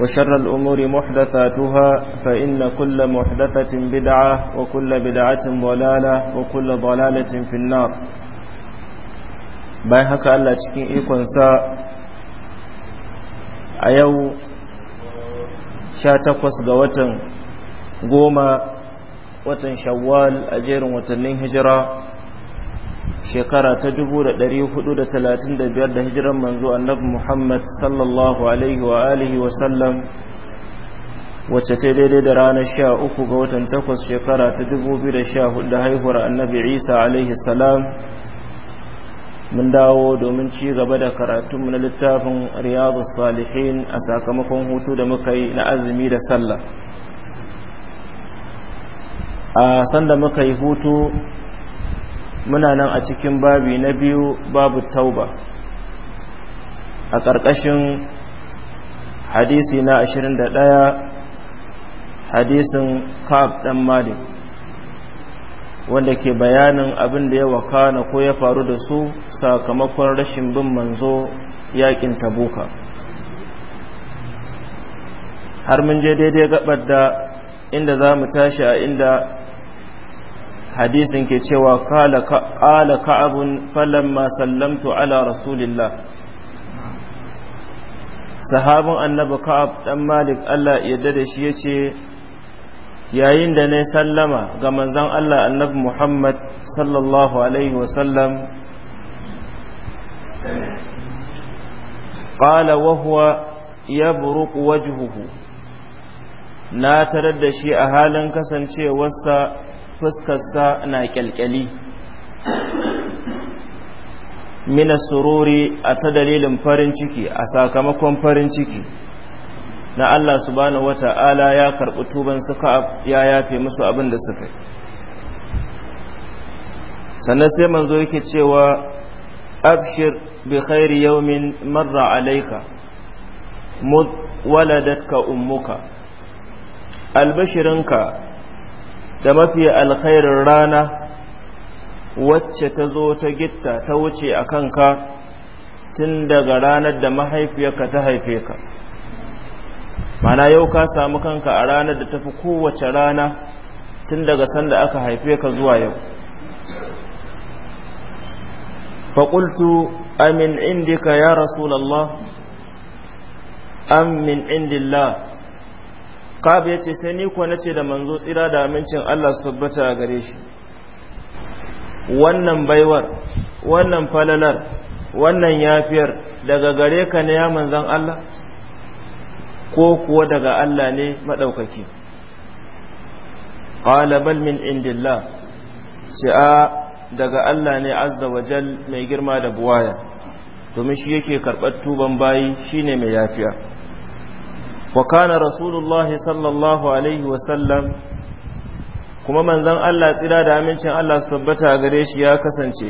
وشر الأمور محدثاتها فإن كل محدثة بدعة وكل بدعة ضلالة وكل ضلالة في النار باي هكا الله تشكين إيكون سا أيو شاتقوس قوة قوما watan shawwal a jerin watannin hijira shekara ta 435 da hijiran manzo annabi Muhammad sallallahu alaihi wa alihi wa sallam wacce ta daidai da ranar 13 ga watan 8 shekara ta 2014 da haihuwar annabi Isa alaihi salam mun dawo domin ci gaba da karatunmu na littafin riyadu salihin a sakamakon hutu da muka yi na azumi da sallah a sanda muka yi hutu muna nan a cikin babi na biyu babu tauba a ƙarƙashin hadisi na ɗaya hadisin kaf ɗan malik wanda ke bayanin abin da ya wakana ko ya faru da su sakamakon rashin bin manzo yakin tabuka har mun je daidai gabar da inda za mu tashi a inda hadisin ke cewa qala ka'abun falamma sallamtu ala rasulillah sahabin annabi ka'ab dan malik Allah yadda da shi yace yayin da na sallama ga manzon Allah annabi Muhammad sallallahu alaihi wa sallam qala wa huwa wajuhu na tarar da shi a halin kasancewarsa fuskarsa na kyalkyali mina sururi a ta dalilin farin ciki a sakamakon farin ciki na Allah subhanahu wata'ala ya karɓi tuban suka ya yafe musu abin da suka yi sannan sai manzo yake cewa abshir bi khairi yawmin marra alayka mud waladatka ummuka albashirinka da mafi alkhairin rana wacce ta zo ta gitta ta wuce a kanka tun daga ranar da mahaifiyarka ta haife ka mana yau ka samu kanka a ranar da tafi kowace rana tun daga sanda aka haife ka zuwa yau faƙultu amin indika ya rasulallah amin indillah qab ya ce sai ni ko ce da manzo tsira da amincin Allah su tabbata a gare shi wannan baiwar wannan falalar wannan yafiyar daga gare ka ne ya manzan Allah ko kuwa daga Allah ne maɗaukaki Ƙalabal bal min indillah shi'a daga Allah ne azza wa jal mai girma da buwaya domin shi yake karɓar tuban bayi shine mai yafiya وكان رسول الله صلى الله عليه وسلم kuma manzon Allah tsira da amincin Allah su tabbata a gare shi ya kasance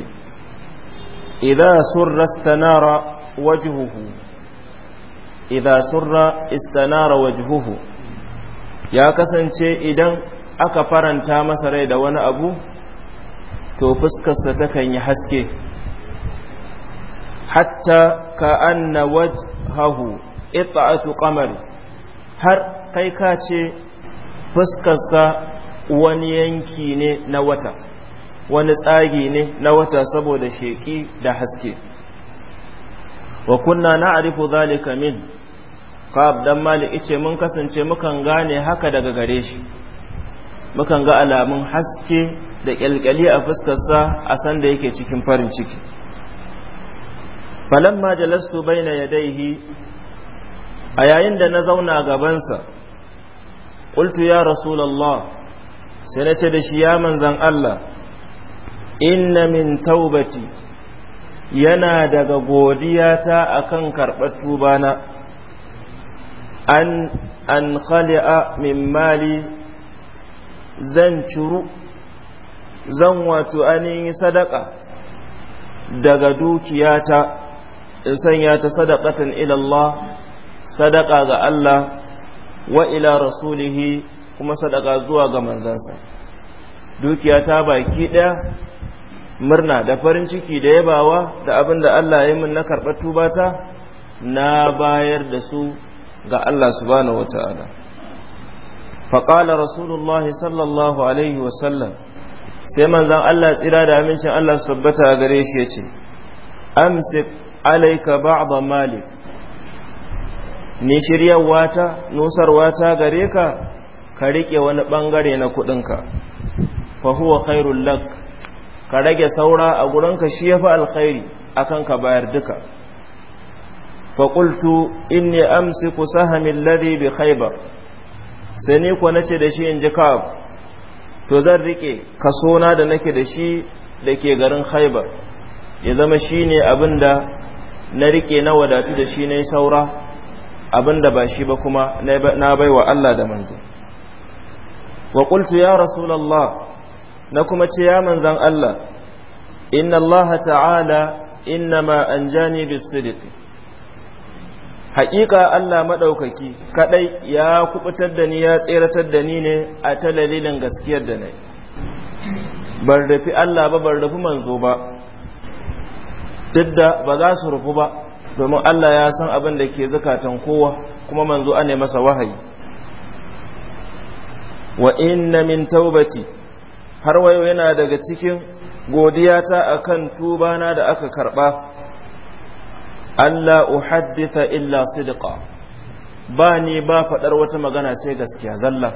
idza surra istanara wajhuhu idza surra ya kasance idan aka faranta masa rai da wani abu to fuskarsa takan yi haske hatta ka anna wajhahu ita'atu qamari har kai ka ce fuskarsa wani yanki ne na wata wani tsagi ne na wata saboda sheki da haske wa kunna arifu zalika min kab dan malik ice mun kasance mukan gane haka daga gare shi mukan ga alamun haske da kyalkyali a fuskarsa a sanda yake cikin farin ciki falamma jalastu baina yadayhi a yayin da na zauna gabansa ƙultu ya rasulallah sai na ce da shi ya manzan Allah inna min taubati yana daga godiyata a akan karɓar tubana an an khali'a min mali zan ciru, zan wato an yi sadaka daga dukiyata in sanya ta sadakatan ilallah sadaka ga Allah wa ila rasulihi kuma sadaka zuwa ga manzansa dukiya ta baki daya murna da farin ciki da yabawa da abin da Allah ya min na karɓar tubata na bayar da su ga Allah subhanahu wata'ala faƙala rasulullah sallallahu alaihi wasallam sai manzan Allah tsira da amincin Allah su tabbata a gare shi ya ce amsik alaika ba'da malik ni shiryarwa ta nusarwa ta gare ka ka rike wani bangare na kudinka fa huwa khairul lak ka rage saura a gurinka shi yafi alkhairi akan ka bayar duka fa qultu inni amsiku sahmi alladhi bi khaybar sai ni ko nace da shi inji ka to zan rike kaso na da nake da shi dake garin khaybar ya zama shine abinda na rike na wadatu da shi ne saura abinda ba shi ba kuma na baiwa Allah da manzo wa qultu ya rasulullah na kuma ce ya manzan Allah inna Allah ta'ala innama anjani bis-sidq haƙiƙa Allah maɗaukaki kadai ya kubutar da ni ya tseratar da ni ne a ta dalilin gaskiyar da nai Bar dafi Allah ba bar rufi manzo ba duk da ba za su rufu ba domin Allah ya san abin da ke zukatan kowa kuma manzo ane masa wahayi wa inna min taubati har wayo yana daga cikin godiyata akan tubana da aka karba Allah uhadditha illa sidqa ba ni ba fadar wata magana sai gaskiya zalla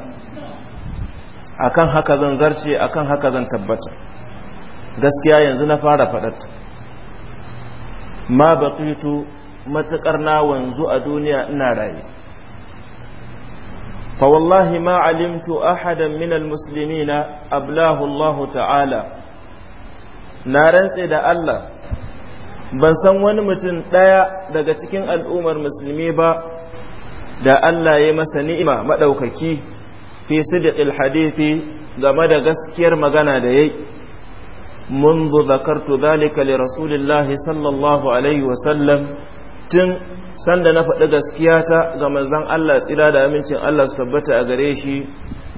akan haka zan zarce akan haka zan tabbata gaskiya yanzu na fara fadarta ma baqitu matuƙar na wanzu a duniya ina raye fa wallahi ma alimtu ahadan min almuslimina ablahu Allah ta'ala na rantse da Allah ban san wani mutum ɗaya daga cikin al'ummar musulmi ba da Allah ya masa ni'ima madaukaki fi sidqil hadithi game da gaskiyar magana da yayi منذ ذكرت ذلك لرسول الله صلى الله عليه وسلم tun sanda na faɗi gaskiya ta ga manzon Allah tsira da amincin Allah su tabbata a gare shi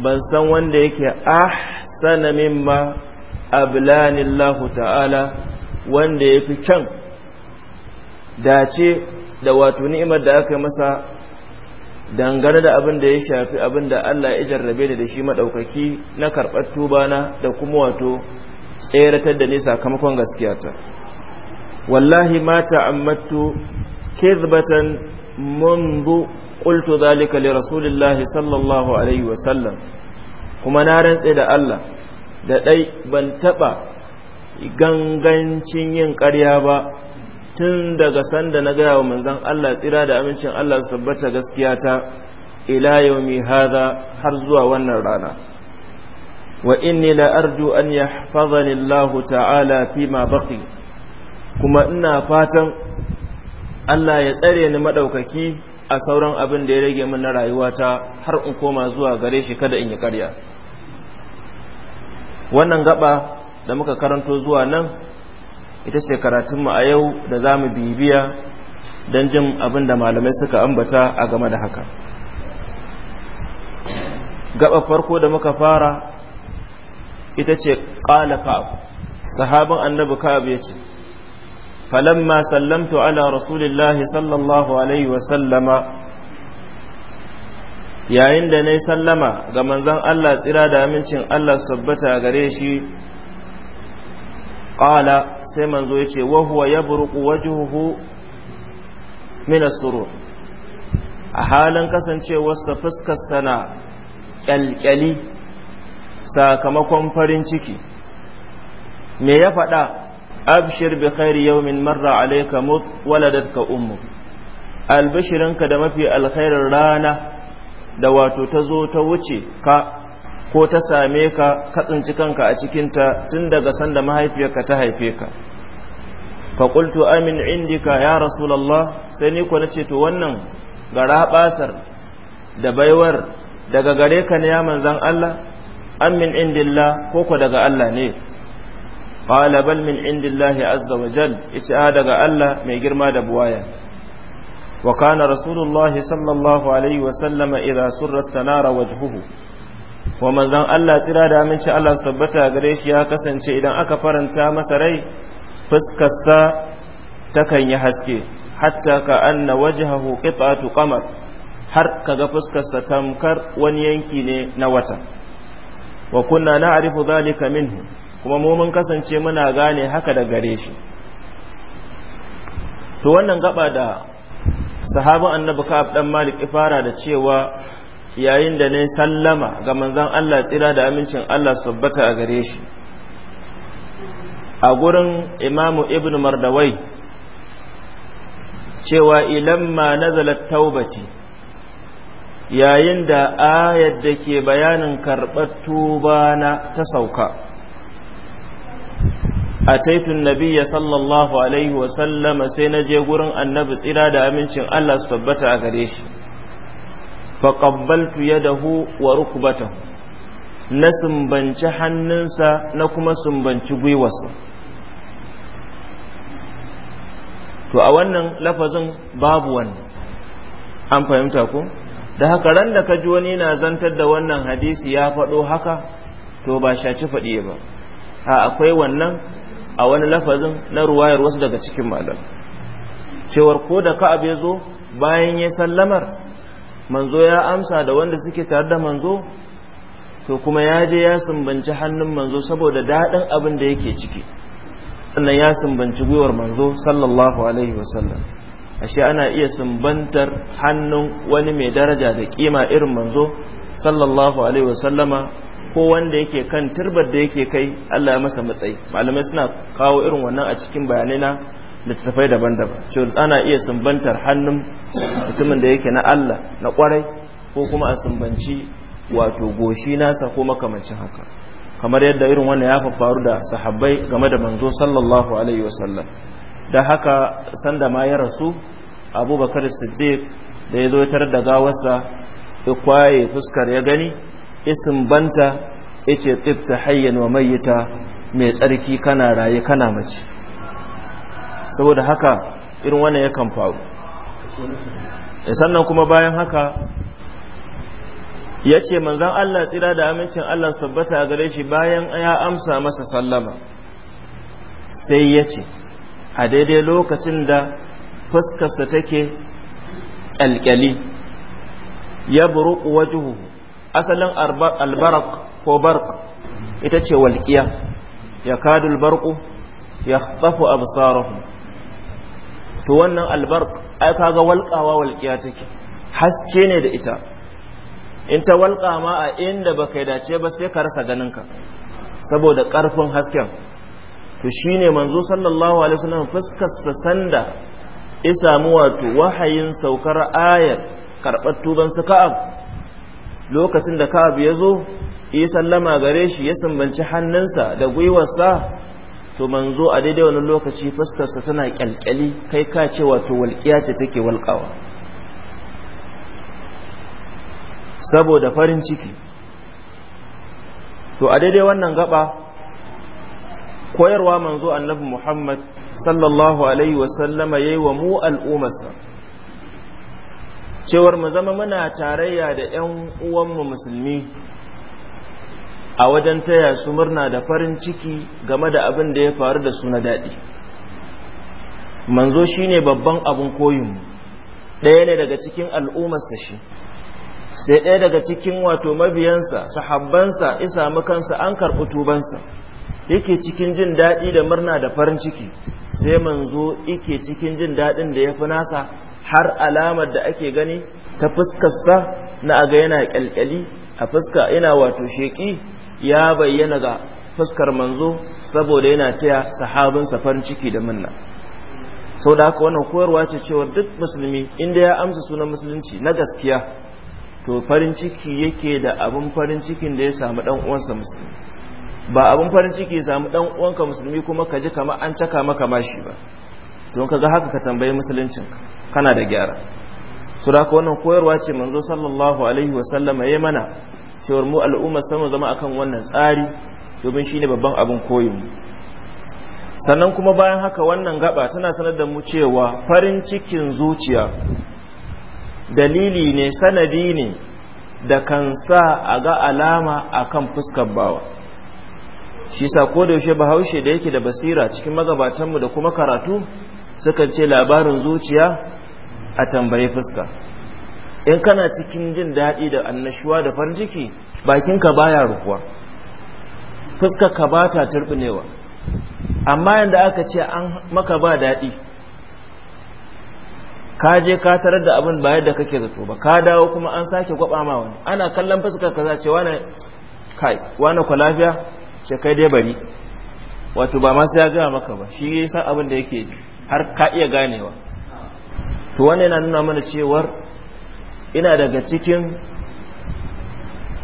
ban san wanda yake ahsana mimma ablanillahu ta'ala wanda yafi kyan dace da wato ni'imar da aka masa dangane da abin da ya shafi abin da Allah ya jarrabe da shi madaukaki na karɓar tuba na da kuma wato tseratar da ne sakamakon gaskiyata wallahi ma ammatu kizbatan منذ qultu zalika li rasulillahi sallallahu alaihi wa sallam kuma na rantse da Allah da ɗai ban taɓa gangancin yin ƙarya ba tun daga sanda na gaya wa manzon Allah tsira da amincin Allah su tabbata gaskiya ta ila yaumi hadha har zuwa wannan rana wa inni la arju an yahfazani Allah ta'ala fi ma baqi kuma ina fatan Allah ya tsare ni maɗaukaki a sauran abin da ya rage min na rayuwata har in koma zuwa gare shi kada in yi karya. wannan gaba da muka karanto zuwa nan ita ce karatun mu a yau da zamu bibiya dan jin abin da malamai suka ambata a game da haka gaba farko da muka fara ita ce qala sahabin annabi ka'ab yace falamma sallamtu ala rasulillahi sallallahu alaihi wa sallama yayin da nayi sallama ga manzon Allah tsira da amincin Allah su tabbata gare shi qala sai manzo yace wa huwa yabruqu wajhuhu min as a halin kasancewarsa fuskarsa na kyalkyali sakamakon farin ciki me ya faɗa abshir bi khairi yawmin marra alayka mut waladatka ummu albashirinka da mafi alkhairin rana da wato ta zo ta wuce ka ko ta same ka ka kanka a cikinta tun daga sanda mahaifiyarka ta haife ka faƙultu amin indika ya rasulallah sai ni na ce to wannan gara basar da baiwar daga gare ka ne ya manzan Allah an min indillah ko ko daga Allah ne qala bal min indillahi azza wa jal ita a ah, daga Allah mai girma da buwaya wa kana rasulullah sallallahu alaihi wa sallama idza surra stanara wajhuhu wa manzon Allah tsira da aminci Allah sabbata gare shi ya kasance idan aka faranta masa rai fuskarsa takan yi haske hatta ka anna wajhahu qit'atu qamar har kaga fuskarsa tamkar wani yanki ne na wata wa kunna na'rifu zalika minhu kuma mu mun kasance muna gane haka da gare shi to wannan gaba da sahabin annabi Ka'ab dan Malik ifara da cewa yayin da ne sallama ga manzon Allah tsira da amincin Allah tabbata a gare shi a gurin imamu Ibn Mardawai cewa ilamma nazalat taubati yayin da ayar da ke bayanin karɓar tuba na ta sauka a taitun nabiya sallallahu alaihi wasallama sai na je gurin annabi tsira da amincin Allah su tabbata a gare shi faƙabbaltu ya dahu wa rukubatahu na sumbanci hannunsa na kuma sumbanci gwiwarsa to a wannan lafazin babu wannan an fahimta ku? da haka ran da ka ji wani na zantar da wannan hadisi ya faɗo haka to ba shaci faɗi ba a akwai wannan a wani lafazin na ruwayar wasu daga cikin malam cewar ko da ka abe zo bayan ya sallamar manzo ya amsa da wanda suke tare da manzo to kuma ya je ya sumbanci hannun manzo saboda daɗin abin da yake ciki sannan ya sumbanci gwiwar manzo sallallahu alaihi wasallam ashe ana iya sumbantar hannun wani mai daraja da kima irin manzo sallallahu alaihi wasallama ko wanda yake kan turbar da yake kai Allah ya masa matsayi malamai suna kawo irin wannan a cikin bayanai na littattafai daban-daban cewa ana iya sumbantar hannun mutumin da yake na Allah na kwarai ko kuma a sumbanci wato goshi nasa ko makamancin haka kamar yadda irin wannan ya faru da sahabbai game da manzo sallallahu alaihi wasallam da haka sanda ma ya rasu abubakar siddiq da ya zo tar da gawarsa ya kwaye fuskar ya gani isin banta ya ce hayyan wa mayyita mai tsarki kana raye kana mace saboda haka irin wannan kan faru sannan kuma bayan haka ya ce manzan Allah tsira da amincin Allah su tabbata a gare shi bayan ya amsa masa sallama sai ya ce a daidai lokacin da fuskarsa take kyalkyali ya buruku wajuhu asalin albarak ko bark ita ce walƙiya ya kadul albarku ya tsafu absarahum to wannan albark ai kaga walƙawa walƙiya take haske ne da ita in ta walƙa ma a inda baka dace ba sai ka rasa ganinka saboda ƙarfin hasken to shi ne manzo sallallahu alaihi wasallam fuskarsa sanda ya samu wato wahayin saukar ayar karɓar tuban su ka'ab lokacin da ka'ab ya zo ya sallama gare shi ya sumbanci hannunsa da gwiwarsa to manzo a daidai wani lokaci fuskarsa tana kyalkyali kai ka ce wato walƙiya ce take walƙawa saboda farin ciki to a daidai wannan gaba koyarwa manzo annabi Muhammad sallallahu alaihi wasallama yayi wa mu al'umarsa cewar mu zama muna tarayya da 'yan uwanmu musulmi a wajen taya su murna da farin ciki game da abin da ya faru da su na daɗi manzo shine babban abin koyinmu ɗaya ne daga cikin al'umarsa shi sai ɗaya daga cikin wato mabiyansa sahabbansa isa kansa an karɓi tubansa yake cikin jin daɗi da murna da farin ciki sai manzo yake cikin jin daɗin da ya fi nasa har alamar da ake gani ta fuskarsa na aga yana kyalkyali a fuska yana wato sheƙi ya bayyana ga fuskar manzo saboda yana taya sahabinsa farin ciki da murna sau da haka wannan koyarwa ce cewa duk musulmi inda ya amsa sunan musulunci na gaskiya to farin ciki yake da abin farin cikin da ya samu ɗan uwansa musulmi ba abin farin ciki samu dan uwanka musulmi kuma ka ji kamar an caka maka mashi ba to ka ga haka ka tambayi musuluncin kana da gyara su da wannan koyarwa ce manzo sallallahu alaihi wasallama ya mana cewar mu al'umma sama zama akan wannan tsari domin shine babban abin koyin sannan kuma bayan haka wannan gaba tana sanar da mu cewa farin cikin zuciya dalili ne sanadi ne da kan sa a ga alama akan fuskar bawa shi sa ko da yaushe bahaushe da yake da basira cikin magabatanmu da kuma karatu sukan ce labarin zuciya a tambaye fuska in kana cikin jin daɗi da annashuwa da farin ciki bakinka baya rukuwa fuska ka ba ta turbinewa amma yadda aka ce an maka ba daɗi ka je ka tarar da abin bayan da kake zato ba ka dawo kuma an sake gwaba ma wani ana kallon fuska ka za ce wane kai ce kai dai bari wato ba masu ya gaya maka ba shi yi san abin da yake har ka iya ganewa to wanda yana nuna mana cewar ina daga cikin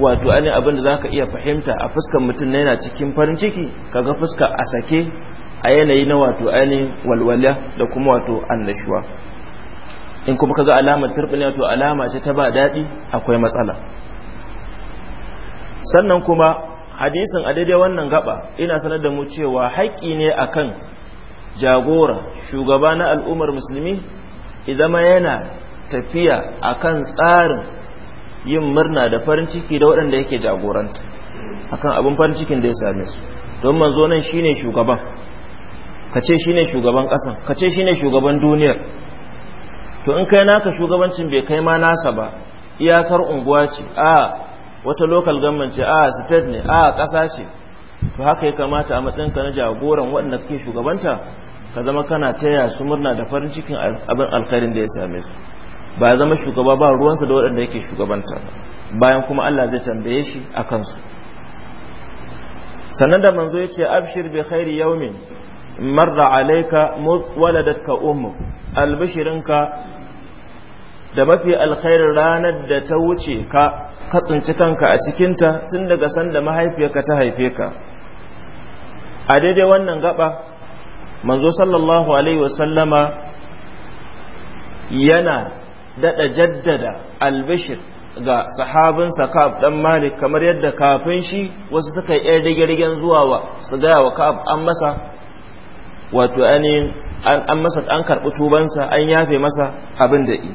wato ainihin abin da zaka iya fahimta a fuskar mutum na yana cikin farin ciki kaga fuska a sake a yanayi na wato ainihin walwala da kuma wato annashuwa in kuma kaga alamar turbin wato alama ce ta ba daɗi akwai matsala sannan kuma hadisin a daidai wannan gaba ina sanar da mu cewa haƙƙi ne akan jagora shugaba na al'ummar musulmi izama yana tafiya akan tsarin yin murna da farin ciki da waɗanda yake jagoranta akan abin farin cikin da ya same su don manzo nan shine shugaban ka ce shine shugaban ƙasan ka ce shine shugaban duniyar to in kai naka shugabancin bai kai ma nasa ba iyakar unguwa ce a wata lokal government ce a ah, state ne a ah, ƙasa ce to haka ya kamata a matsayin ka na jagoran waɗanda kake shugabanta ka zama kana taya su murna da farin cikin abin alkarin da ya same su ba ya zama shugaba ba ruwansa da waɗanda yake shugabanta bayan kuma Allah zai tambaye shi a kansu sannan da manzo ya ce abshir bi khairi yawmin marra alayka waladatka ummu albishirinka da mafi alkhairin ranar da ta wuce ka katsinci kanka a cikinta tun daga sanda mahaifiyarka ta haife ka a daidai wannan gaba manzo sallallahu alaihi wasallama yana dada jaddada albishir ga sahabinsa ka'ab dan malik kamar yadda kafin shi wasu suka yi rigirgen zuwa wa su gaya wa ka'ab an masa wato an masa an karɓi tubansa an yafe masa abin da yi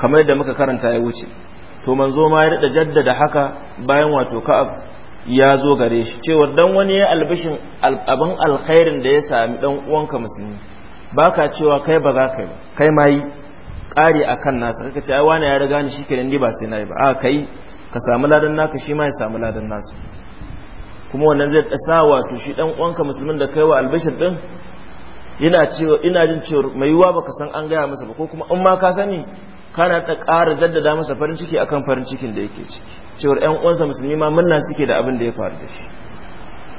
kamar yadda muka karanta ya wuce to manzo ma ya dada jaddada haka bayan wato ka'ab ya zo gare shi cewa dan wani ya albishin abin alkhairin da ya sami dan uwanka musulmi baka cewa kai ba za ka yi kai ma yi kare a nasa kaka ce ai wani ya riga ni shikenan ni ba sai na yi ba a kai ka samu ladan naka shi ma ya samu ladan nasa kuma wannan zai sa wato shi dan uwanka musulmin da kai wa albishin din yana cewa ina jin cewa mai yiwa baka san an gaya masa ba ko kuma in ma ka sani kana ta ƙara jaddada masa farin ciki akan farin cikin da yake ciki cewar ƴan uwansa musulmi ma murna suke da abin da ya faru da shi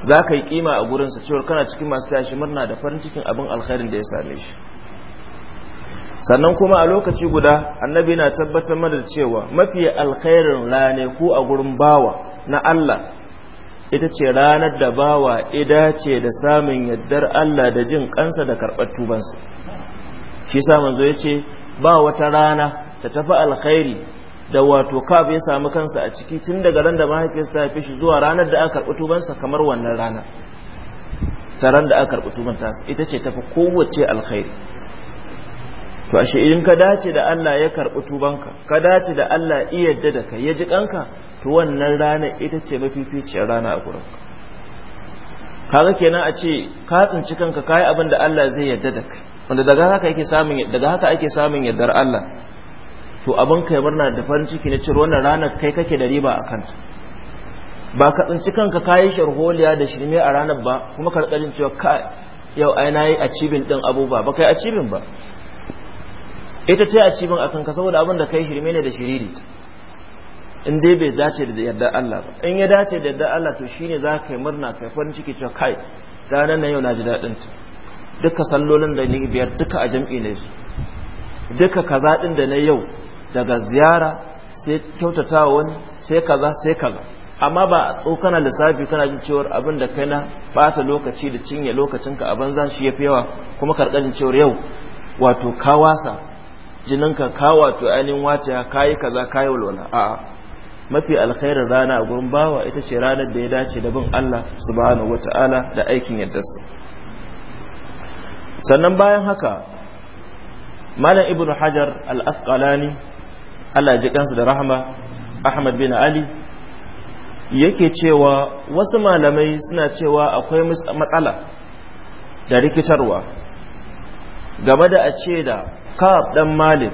za ka yi kima a gurinsa cewar kana cikin masu tashi murna da farin cikin abin alkhairin da ya same shi sannan kuma a lokaci guda annabi na tabbatar mana da cewa mafi alkhairin rane ko a gurin bawa na Allah ita ce ranar da bawa ida ce da samun yaddar Allah da jin kansa da karɓar tubansa shi sa manzo ya ce ba wata rana ta tafi alkhairi da wato kaf ya samu kansa a ciki tun daga ran da mahaifiyarsa ta haife shi zuwa ranar da aka karɓi tubansa kamar wannan rana ran da aka karɓi tuban tasa ita ce tafi kowace alkhairi to ashe idan ka dace da Allah ya karɓi tubanka ka dace da Allah ya yadda da kai ya ji kanka to wannan rana ita ce mafificiyar rana a gurin kaga kenan a ce ka tsinci kanka kai abin da Allah zai yadda da kai wanda daga haka yake samun daga haka ake samun yardar Allah to abin kai murna da farin ciki na ciro wannan ranar kai kake da riba a kanta ba ka tsinci kanka kayi sharholiya da shirme a ranar ba kuma karkarin cewa ka yau ai nayi achieving din abubuwa ba kai achieving ba ita ce achieving akan ka saboda abin da kai shirme ne da shiriri in dai bai dace da yadda Allah ba in ya dace da yadda Allah to shine za ka yi murna kai farin ciki cewa kai ranar nan yau na ji daɗin ta duka sallolin da ni biyar duka a jam'i ne su duka kaza din da na yau daga ziyara sai kyautata wani sai kaza sai kaza amma ba a tsokana lissafi kana jin cewar abin da kai na bata lokaci da cinye lokacinka a banza shi ya fi yawa kuma jin cewar yau wato kawasa jininka ka wato ainihin wata kayi kaza kayi walwala a'a mafi alkhairar rana a gurin bawa ita ce ranar da ya dace da bin Allah subhanahu wata'ala da aikin yaddarsa sannan bayan haka malam ibnu hajar al-asqalani Allah ji kansu da rahama Ahmad bin Ali yake cewa wasu malamai suna cewa akwai matsala da rikitarwa game da a ce da kaf dan Malik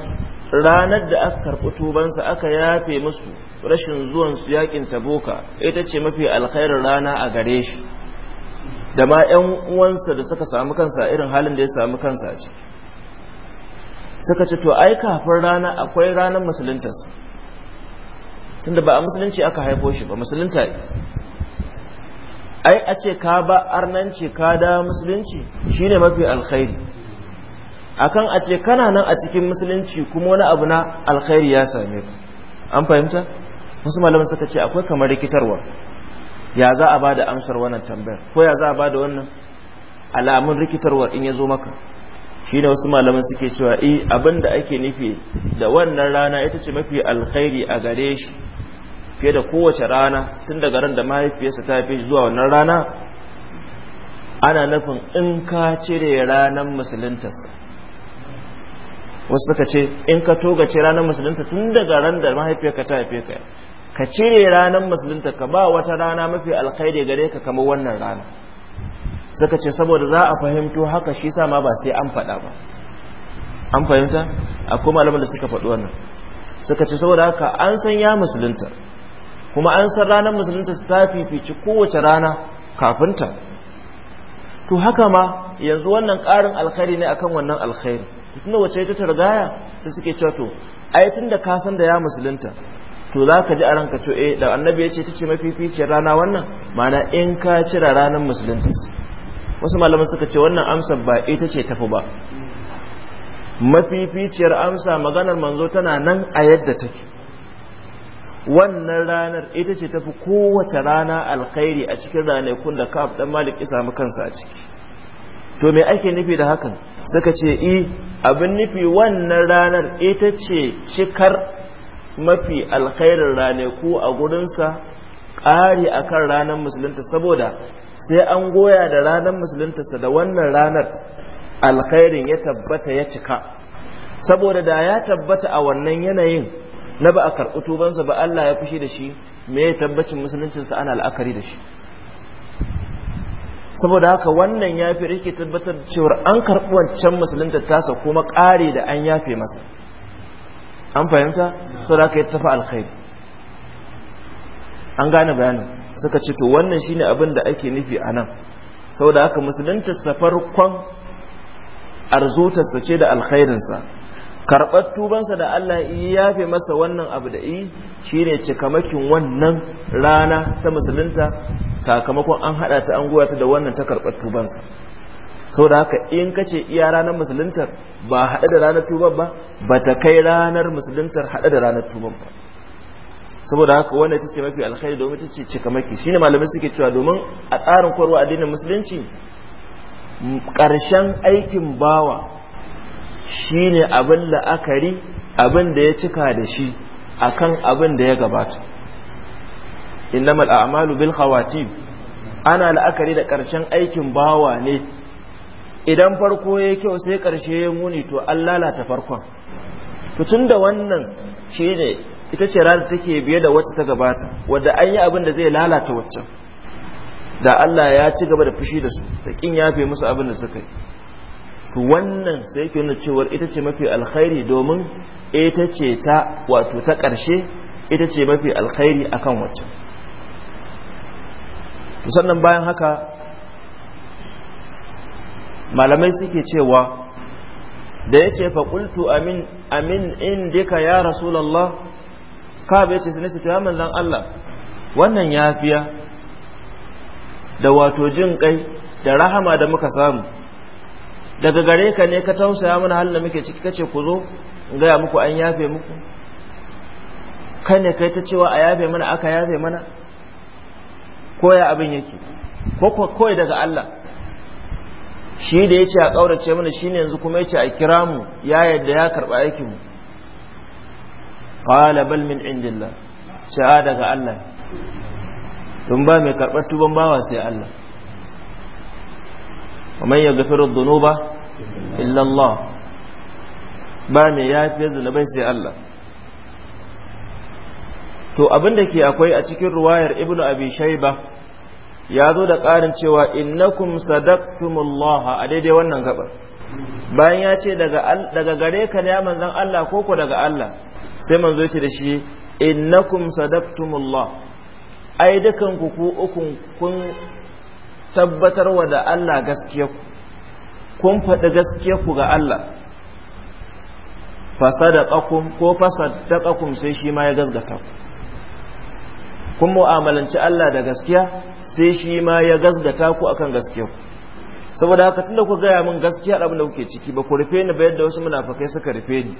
ranar da aka karɓi tubansa aka yafe musu rashin zuwan su yakin taboka ita ce mafi alkhairin rana a gare shi da ma 'yan uwansa da suka samu kansa irin halin da ya samu kansa ce. suka ce to ai kafin rana akwai ranar musuluntas tunda ba a musulunci aka haifo shi ba musulunta ai a ce ka ba arnanci ka da musulunci shine mafi alkhairi akan a ce kana nan a cikin musulunci kuma wani abu na alkhairi ya same ka an fahimta wasu malaman suka ce akwai kamar rikitarwa ya za a ba da amsar wannan tambayar ko ya za a ba da wannan alamun rikitarwa in ya zo maka shi ne wasu malaman suke cewa e, abin da ake nufi da wannan rana ita ce mafi alkhairi a gare shi fiye da kowace rana tun daga ran da mahaifiyarsa ta fi zuwa wannan rana ana nufin in ka cire ranar musuluntarsa wasu suka ce in ka togace ranar musulunta tun daga ran da mahaifiyarka ta haife ka ka cire ranar musulunta ka ba wata rana mafi alkhairi gare ka kamar wannan rana suka ce saboda za a fahimto haka shi sa ba sai an faɗa ba an fahimta a kuma malaman da suka faɗi wannan suka ce saboda haka an san ya musulunta kuma an san ranar musulunta ta fifici kowace rana kafinta to haka ma yanzu wannan ƙarin alkhairi ne akan wannan alkhairi tunda wace ta targaya sai suke cewa to ai tunda ka san da ya musulunta to za ka ji a ranka to eh da annabi ya ce ta ce mafificiyar rana wannan mana in ka cira ranar musulunta wasu malamai suka ce wannan amsar ba ita ce tafi ba mafificiyar amsa maganar manzo tana nan a yadda take wannan ranar ita ce tafi kowace rana alkhairi a cikin ranakun da kaf dan malik ya samu kansa a ciki to me ake nufi da hakan suka ce i e, abin nufi wannan ranar ita ce cikar mafi alkhairin ranaku a gurinsa ƙari a kan ranar musulunta saboda sai an goya da ranar musuluntarsa da wannan ranar alkhairin ya tabbata ya cika saboda da ya tabbata a wannan yanayin na ba a karɓi tubansa ba Allah ya fushi da shi me ya tabbacin musuluncinsa ana la'akari da shi saboda haka wannan ya fi rike tabbatar cewar an karɓi wancan musulunta tasa kuma ƙari da an yafe masa an fahimta saboda haka ya tafi alkhairi an gane bayanin suka ce to wannan shine abin da ake nufi a nan saboda haka musuluntarsa farkon arzotarsa ce da alkhairinsa karɓar tubansa da Allah ya yafe masa wannan abu da yi shine cikamakin wannan rana ta musulunta sakamakon an haɗa ta an ta da wannan ta karɓar tubansa sau da haka in ka ce iya ranar musuluntar ba haɗe da ranar tuban ba ba ta kai ranar musuluntar haɗe da ranar tuban ba saboda haka wannan ta ce mafi alkhairi domin ta ce cikamaki shine malamai suke cewa domin a tsarin koyarwa addinin musulunci karshen aikin bawa shine abin la'akari abin da ya cika da shi akan abin da ya gabata innamal a'malu bil khawatim ana la'akari da karshen aikin bawa ne idan farko ya kyau sai karshe ya muni to an lalata farkon to tun da wannan shine ita ce rana take biye da wacce ta gabata wadda an yi abin da zai lalata waccan da Allah ya ci gaba da fushi da su da kin yafe musu abin da suka yi to wannan sai yake nuna cewa ita ce mafi alkhairi domin ita ce ta wato ta karshe ita ce mafi alkhairi akan waccan sannan bayan haka malamai suke cewa da ya ce faƙultu amin indika ya rasulallah ka bai ce sai nace to ya Allah wannan yafiya da wato jin kai da rahama da muka samu daga gare ka ne ka tausaya mana halin da muke ciki kace ku zo in gaya muku an yafe muku kai ne kai ta cewa a yafe mana aka yafe mana koya abin yake ko kawai daga Allah shi da ya ce a ƙaurace mana shi yanzu kuma ya ce a kira mu ya yadda ya karɓa aikinmu qala bal min indillah sha'a daga Allah tun ba mai karɓar tuban bawa sai Allah wa man yaghfiru dhunuba illa Allah ba mai yafiye zunubai sai Allah to abinda ke akwai a cikin ruwayar ibnu abi shayba ya zo da ƙarin cewa innakum sadaqtumullaha a daidai wannan gaba. bayan ya ce daga gare ka ne manzon Allah ko ko daga Allah sai manzo yace da shi innakum sadaqtumullah ai dukan ku ku ukun kun tabbatarwa da Allah gaskiya ku kun faɗi gaskiya ku ga Allah sadaqakum ko sadaqakum sai shi ma ya gazgata ku kun mu'amalanci Allah da gaskiya sai shi ma ya gazgata ku akan gaskiya ku saboda haka tunda ku gaya min gaskiya abin da kuke ciki ba ku rufe ni ba yadda wasu munafakai suka rufe ni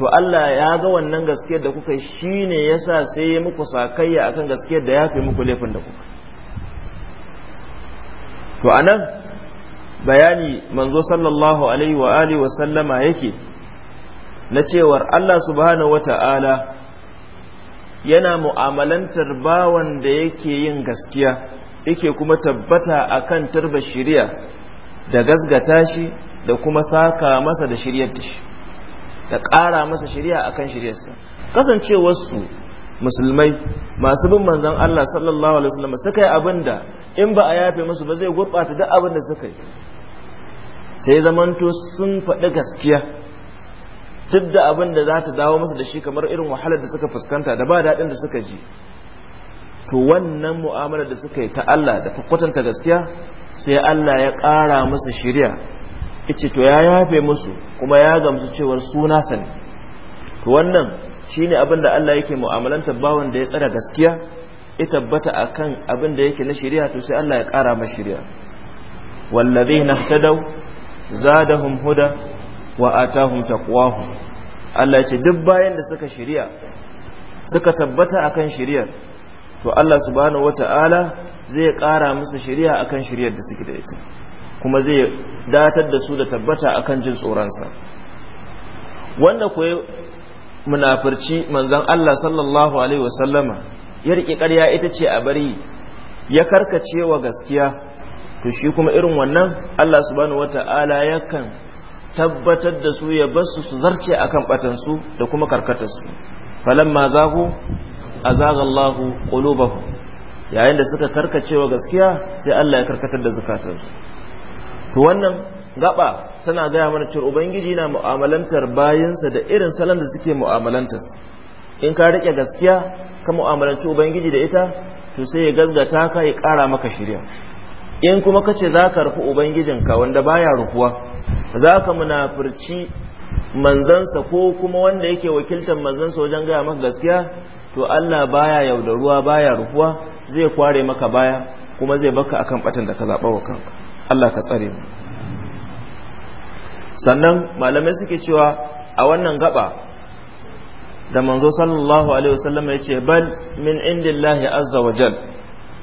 to Allah ya ga wannan gaskiyar da kuka shi ne ya sai ya muku sakayya akan gaskiyar da ya fi muku laifin da kuka to a nan bayani manzo sallallahu alaihi wa alihi sallama yake na cewar Allah subhanahu wata'ala yana mu'amalantar bawan da yake yin gaskiya yake kuma tabbata akan tarba shiriya da gasgata shi da kuma saka masa da shiryar da shi da ƙara masa shari'a akan shari'arsa kasancewar su musulmai masu bin manzon Allah sallallahu alaihi wasallam suka yi abinda in ba a yafe musu ba zai gurɓata duk abin da suka yi sai zamanto sun faɗi gaskiya duk da abin da za ta dawo masa da shi kamar irin wahalar da suka fuskanta da ba daɗin da suka ji to wannan mu'amalar da suka yi ta Allah da kwatanta gaskiya sai Allah ya ƙara musu shirya yace to ya yafe musu kuma ya gamsu cewar suna sani to wannan shine abin da Allah yake mu'amalantar bawan da ya tsara gaskiya ya tabbata akan abin da yake na shari'a to sai Allah ya ƙara masa shari'a wallazina ihtadaw zadahum huda wa atahum kuwahu Allah yace duk bayan da suka shari'a suka tabbata akan shirya to Allah subhanahu wataala zai ƙara musu shari'a akan shiryar da suke da ita kuma zai datar da su da tabbata akan jin tsoronsa wanda kuwa munafurci manzan Allah sallallahu alaihi wasallama ya riƙi ƙarya ita ce a bari ya karkace wa gaskiya to shi kuma irin wannan Allah subhanahu ya kan tabbatar da su ya basu su zarce kan batansu da kuma karkatarsu falamma a zagallahu ƙulubahu yayin da suka karkacewa gaskiya sai Allah ya karkatar da zukatarsu to wannan gaba tana gaya mana cewa ubangiji na mu'amalantar bayansa da irin salon da suke mu'amalantar in ka rike gaskiya ka mu'amalanci ubangiji da ita to sai ya gazgata ka ya kara maka shirya in kuma kace za ka rufu ubangijinka wanda baya rufuwa za ka munafurci manzansa ko kuma wanda yake wakiltar manzansa wajen gaya maka gaskiya to Allah baya yaudaruwa baya rufuwa zai kware maka baya kuma zai baka akan batan da ka zaɓa wa kanka Allah ka tsare mu sannan malamai suke cewa a wannan gaba da manzo sallallahu alaihi wasallam ya ce bal min indillahi azza wa jal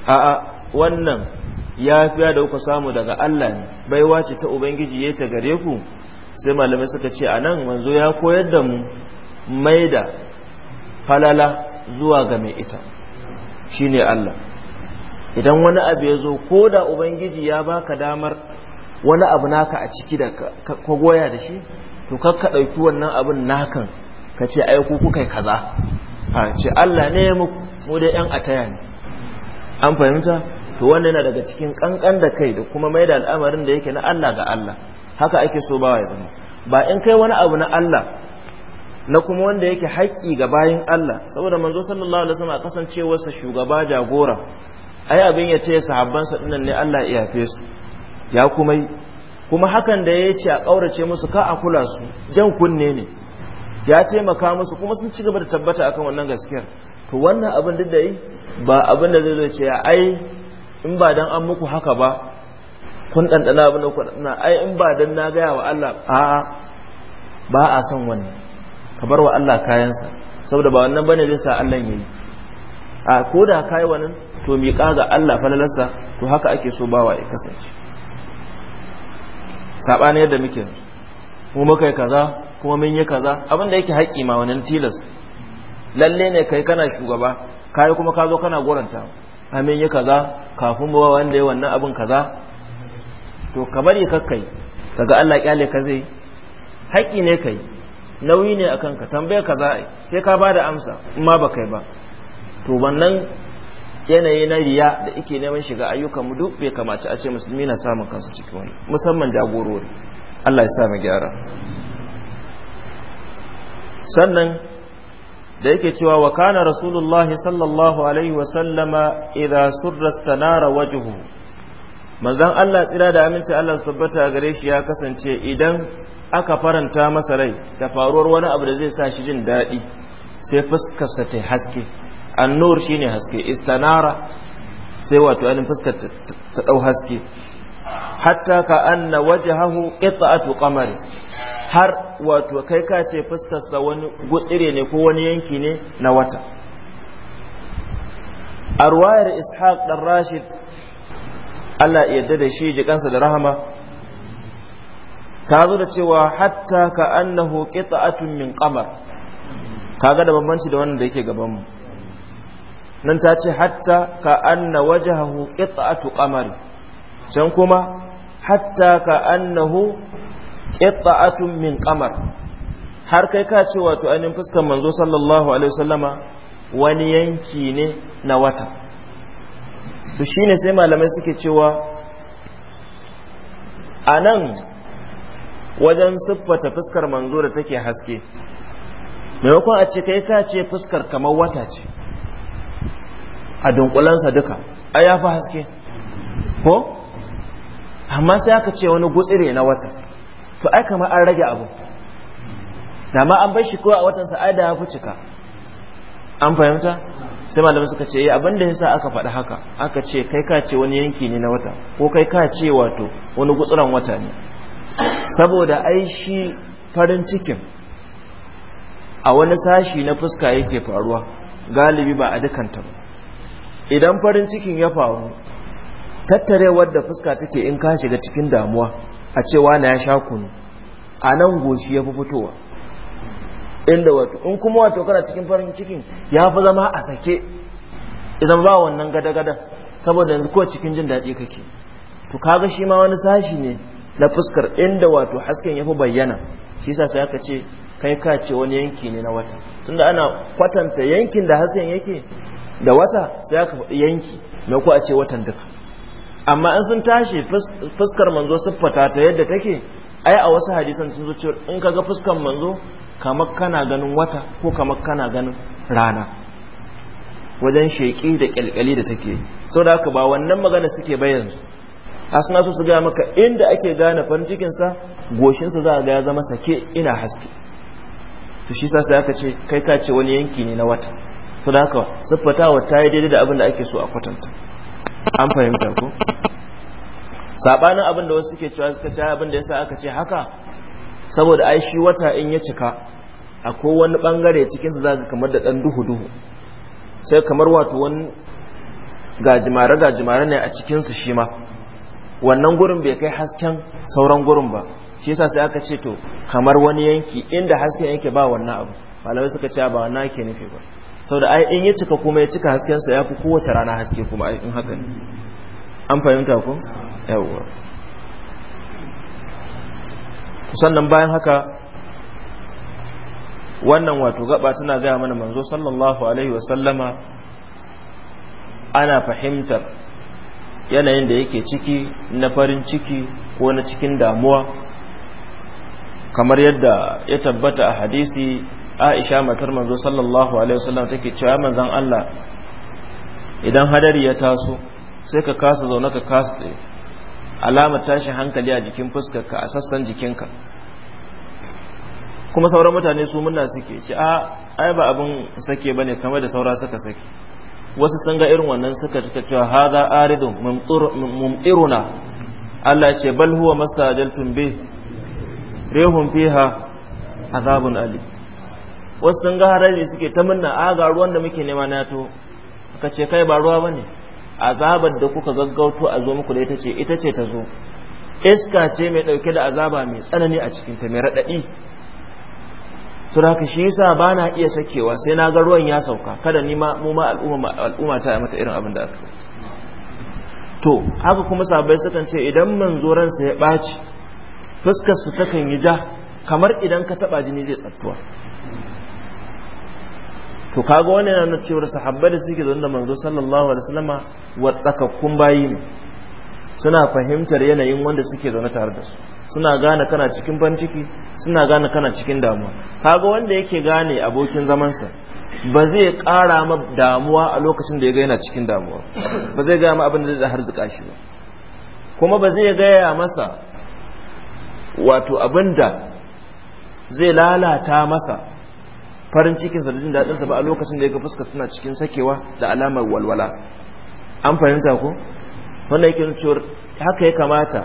a'a wannan yafiya da kuka samu daga Allah ne baiwa ce ta ubangiji yayi ta gare ku sai malamai suka ce anan manzo ya koyar da mu maida halala zuwa ga mai ita shine Allah idan wani abu ya zo ko da ubangiji ya baka damar wani abu naka a ciki da ka goya da shi to kakka ɗauki wannan abin nakan ka ce ai ku kuka kaza a ce Allah ne mu da yan ataya ne an fahimta to wannan yana daga cikin kankan da kai da kuma mai da al'amarin da yake na Allah ga Allah haka ake so bawa ya zama ba in kai wani abu na Allah na kuma wanda yake haƙƙi ga bayin Allah saboda manzo sallallahu alaihi wasallam a kasancewarsa shugaba jagora ai abin ya ce sahabbansa dinnan ne Allah ya yafe su ya kuma kuma hakan da ya ce a kaurace musu ka a kula su jan kunne ne ya taimaka musu kuma sun ci gaba da tabbata akan wannan gaskiyar to wannan abin duk da yi ba abin da zai ce ai in ba dan an muku haka ba kun ɗanɗana abin da kuna ai in ba dan na gaya wa Allah a'a ba a son wannan ka bar wa Allah kayansa saboda ba wannan bane zai sa Allah yayi a ko kai wannan to miƙa ga Allah falalarsa to haka ake so bawa ya kasance saɓanin yadda muke mu muka kaza kuma mun yi kaza abin da yake haƙƙi ma wannan tilas lalle ne kai kana shugaba kai kuma ka zo kana goranta a mun yi kaza kafin ba wanda ya wannan abin kaza to kamar yi kakkai kaga Allah ƙyale ka zai haƙƙi ne kai nauyi ne akan ka tambaye kaza sai ka bada amsa in ma ba kai ba to wannan yanayi na riya da ike neman shiga ayyukan mu duk bai kamata a ce musulmi na samun kansu cikin wani musamman jagorori Allah ya sa mu gyara sannan da yake cewa wa kana rasulullahi sallallahu alaihi wa sallama idza surra stanara wajhu manzon Allah tsira da aminci Allah tabbata gare shi ya kasance idan aka faranta masa rai da faruwar wani abu da zai sa shi jin daɗi sai fuskarsa ta haske annur shine haske istanara sai wato ainihin fuskar ta dau haske hatta ka anna wajhahu qita'atu qamari har wato kai ka ce fuskar sa wani gutsire ne ko wani yanki ne na wata arwayar ishaq dan rashid Allah ya yarda da shi jikansa da rahama ta zo da cewa hatta ka annahu qita'atun min qamar kaga da bambanci da wannan da yake gaban mu nan ta ce hatta ka anna wajahu qit'atu qamari can kuma hatta ka annahu qit'atun min ƙamar har kai ka ce wato ainihin fuskar manzo sallallahu alaihi wasallama wani yanki ne na wata to ne sai malamai suke cewa anan wajen siffata fuskar manzo da take haske maimakon a ce kai ka ce fuskar kamar wata ce a dunkulansa duka a ya fi haske ko amma sai aka ce wani gutsire na wata to ai kamar an rage abu da ma an bar shi kowa a watansa ai da ya fi cika an fahimta sai malamai suka ce eh, abin da yasa aka faɗi haka aka ce kai ka ce wani yanki ne na wata ko kai ka ce wato wani gutsuran wata ne saboda ai shi farin cikin a wani sashi na fuska yake faruwa galibi ba a dukanta ba idan farin cikin ya faru tattare da fuska take in ka shiga cikin damuwa a cewa na ya sha kunu a nan goshi ya fi fitowa inda wato in kuma wato kana cikin farin cikin ya fi zama a sake idan ba wannan gada-gada saboda yanzu kowa cikin jin daɗi kake to kaga shi ma wani sashi ne na fuskar inda wato hasken ya fi bayyana shi sa sai aka ce kai ka ce wani yanki ne na wata tunda ana kwatanta yankin da hasken yake da wata sai aka faɗi yanki mai ku a ce watan duka amma in sun tashi fuskar manzo siffata ta yadda take ai a wasu hadisan sun zo in ka ga fuskar manzo kamar kana ganin wata ko kamar kana ganin rana wajen sheƙi da ƙyalƙyali da take sau da haka ba wannan magana suke bayan su suna so su gaya maka inda ake gane farin cikinsa goshinsa za a ga ya zama sake ina haske to shi sa sai aka ce kai ka ce wani yanki ne na wata su da haka siffatawa ta yi daidai da abin da ake so a kwatanta an fahimta ko sabanin abin da wasu suke cewa suka ce abin da sa aka ce haka saboda ai shi wata in ya cika a kowane bangare cikin su zaga kamar da dan duhu duhu sai kamar wato wani gajimare gajimare ne a cikin su shi ma wannan gurin bai kai hasken sauran gurin ba shi yasa sai aka ce to kamar wani yanki inda hasken yake ba wannan abu malamai suka ce ba wannan yake nufi ba sau da in ya cika kuma ya cika haskensa ya fi kowace rana haske kuma in haka ne an fahimta ku? yawon sannan bayan haka wannan wato gaba tana gaya mana manzo sallallahu alaihi wasallama ana fahimtar yanayin da yake ciki na farin ciki ko na cikin damuwa kamar yadda ya tabbata a hadisi aisha matar manzo sallallahu alaihi wasallam take cewa manzon Allah idan hadari ya taso sai ka kasa zaune ka kasa tsaye alamar tashi hankali a jikin fuskarka a sassan jikinka kuma sauran mutane su muna suke ce a ai ba abin sake bane kamar da saura suka sake wasu sun ga irin wannan suka tuka cewa hadha aridun mumtiruna Allah ce bal huwa mastajaltum bi rehum fiha azabun alim wasu sun ga harari suke ta munna a ga ruwan da muke nema na to aka ce kai ba ruwa ba ne azabar da kuka gaggauto a zo muku da ita ce ita ce ta zo iska ce mai ɗauke da azaba mai tsanani a cikinta ta mai radadi to haka shi yasa na iya sakewa sai na ga ruwan ya sauka kada ni ma mu ma al'umma al'umma ta mata irin abin da aka to haka kuma sabai sukan ce idan manzo ransa ya baci fuskar su takan yi ja kamar idan ka taɓa jini zai tsattuwa to kaga wannan yana nuna cewa sahabbai da suke zaune da manzo sallallahu alaihi wasallama wa tsakakkun bayi ne suna fahimtar yanayin wanda suke zaune tare da su suna gane kana cikin ban ciki suna gane kana cikin damuwa kaga wanda yake gane abokin zamansa ba zai kara ma damuwa a lokacin da ya ga yana cikin damuwa ba zai gaya ma abin da zai da harzuka shi ba kuma ba zai gaya masa wato abin da zai lalata masa farin cikinsa da jin daɗinsa ba a lokacin da ya ga fuska suna cikin sakewa da alamar walwala an fahimta ko wannan yake nuna haka ya kamata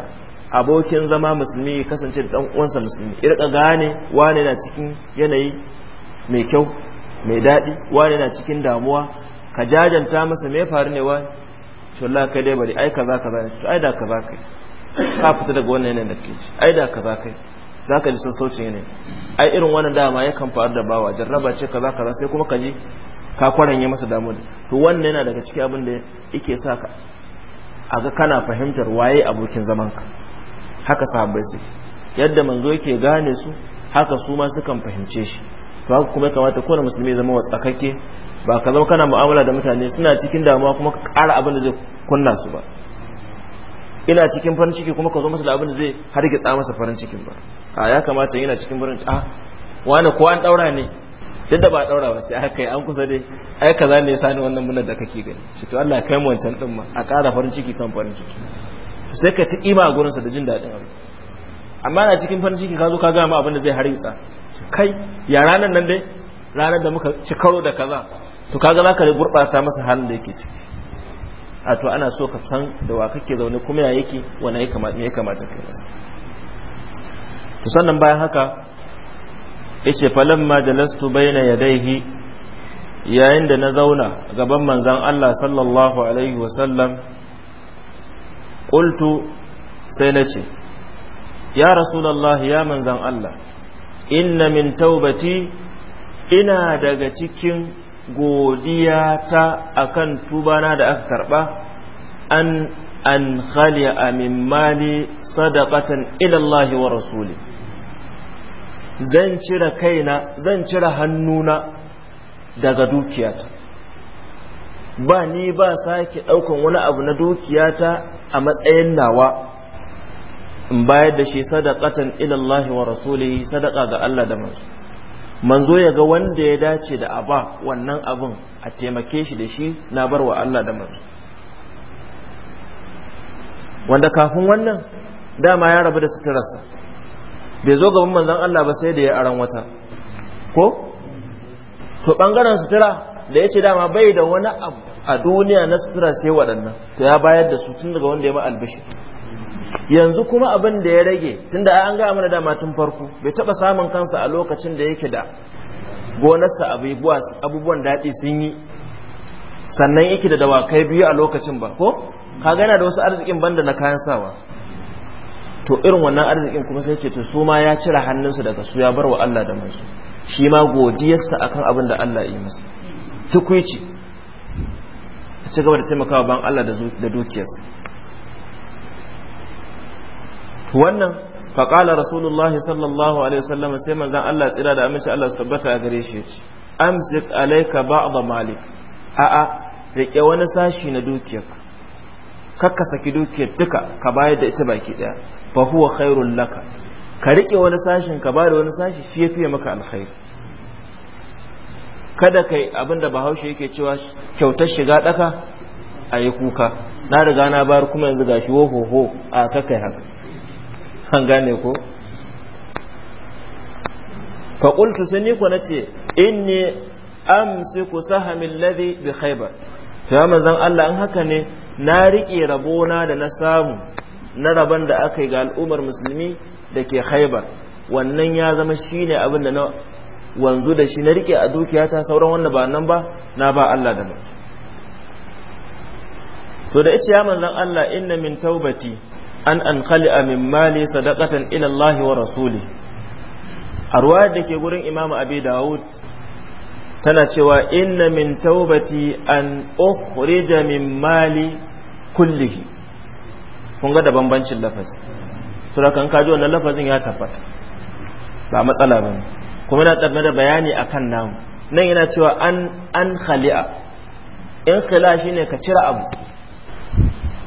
abokin zama musulmi ya kasance da dan uwansa musulmi irka gane wane na cikin yanayi mai kyau mai daɗi wane na cikin damuwa ka jajanta masa mai faru ne wa Allah kai dai bari ai kaza kaza ne ai da kaza kai ka fita daga wannan yanayin da kake ai da kaza kai za ka ji sassaucin yanayi ai irin wannan dama ya kan faru da bawa jarraba ce kaza kaza sai kuma ka ji ka kwaran yi masa damuwa to wannan yana daga ciki abin da yake sa ka a ga kana fahimtar waye abokin zamanka haka sahabbai su yadda manzo yake gane su haka su ma sukan fahimce shi to haka kuma kamata kowane musulmi ya zama watsakakke ba ka zama kana mu'amala da mutane suna cikin damuwa kuma ka kara abin da zai kunna su ba ina cikin farin ciki kuma ka zo masa da abin da zai hargitsa masa farin cikin ba a ya kamata yana cikin farin ciki a wani ko an daura ne duk da ba daura ba sai aka yi an kusa dai ai kaza ne sani wannan munar da kake gani shi to Allah kai mu wancan din ma a ƙara farin ciki kan farin ciki sai ka ta ma gurin sa da jin daɗin abu amma na cikin farin ciki ka zo ka ga ma abin da zai tsa kai ya ranan nan dai ranar da muka ci karo da kaza to kaga zaka gurɓata masa halin da yake ciki a to ana so ka san da wa kake zaune kuma ya yake wani ya kamata yi masa to sannan bayan haka yace falamma jalastu baina yadayhi yayin da na zauna gaban manzon Allah sallallahu alaihi wa sallam. qultu sai nace ya rasulullahi ya manzon Allah inna min taubati ina daga cikin godiya ta akan tubana da aka karba an an khali min mali sadaqatan ila wa rasuli zan cire kaina zan cire hannuna daga dukiyata ba ni ba sake daukan wani abu na dukiyata a matsayin nawa in bayar da shi sadakatan, ila Allah wa Rasuli, sadaqa ga Allah da manzo manzo ya ga wanda ya dace da aba wannan abin a taimake shi da shi na bar wa Allah da manzo wanda kafin wannan dama ya rabu da suturarsa bai zo gaban manzon Allah ba sai da ya aran wata ko to bangaren sutura da ya ce dama bai da wani abu a duniya na sutura sai waɗannan ta ya bayar da su tun daga wanda ya ma albishi yanzu kuma abin da ya rage tun tunda an ga mana dama tun farko bai taba samun kansa a lokacin da yake da gonarsa abubuwan daɗi sun yi sannan yake da dawakai biyu a lokacin ba ko ka gana da wasu arzikin banda na kayan sawa to irin wannan arzikin kuma sai ke to su ma ya cire hannunsu daga su ya bar wa Allah da mansu shi ma godiyarsa akan abin da Allah yi masa tukuici a ci gaba da taimakawa ban Allah da dukiyarsa wannan faƙala rasulullahi sallallahu alaihi wasallam sai manzan Allah tsira da aminci Allah su tabbata a gare shi yace amsik alayka ba'd malik a a rike wani sashi na dukiyar Ka ka saki dukiyar duka ka bayar da ita baki daya fa huwa khairul laka ka rike wani sashin ka bayar wani sashi shi yafi maka alkhair kada kai abinda bahaushe yake cewa kyautar shiga daka ayi kuka na riga na bar kuma yanzu gashi ho a kakai haka an gane ko fa qultu sani ko nace inni amsiku sahmi ladhi bi khaybar to ya manzon Allah an haka ne na rike rabona da na samu na raban da aka yi ga al'ummar musulmi da ke khaybar wannan ya zama shine abin da na wanzu da shi na rike a dukiya ta sauran wanda ba nan ba na ba Allah da mutum to da ita ya manzon Allah inna min taubati an an khali'a min mali sadakatan ila wa rasuli a ruwa da ke gurin Imam Abi Dawud tana cewa inna min taubati an ukhrija min mali kullihi kun ga da bambancin lafazi to kaji wannan lafazin ya tabbata ba matsala bane kuma na tsarna da bayani akan namu nan yana cewa an an khali'a in khila shine ka cire abu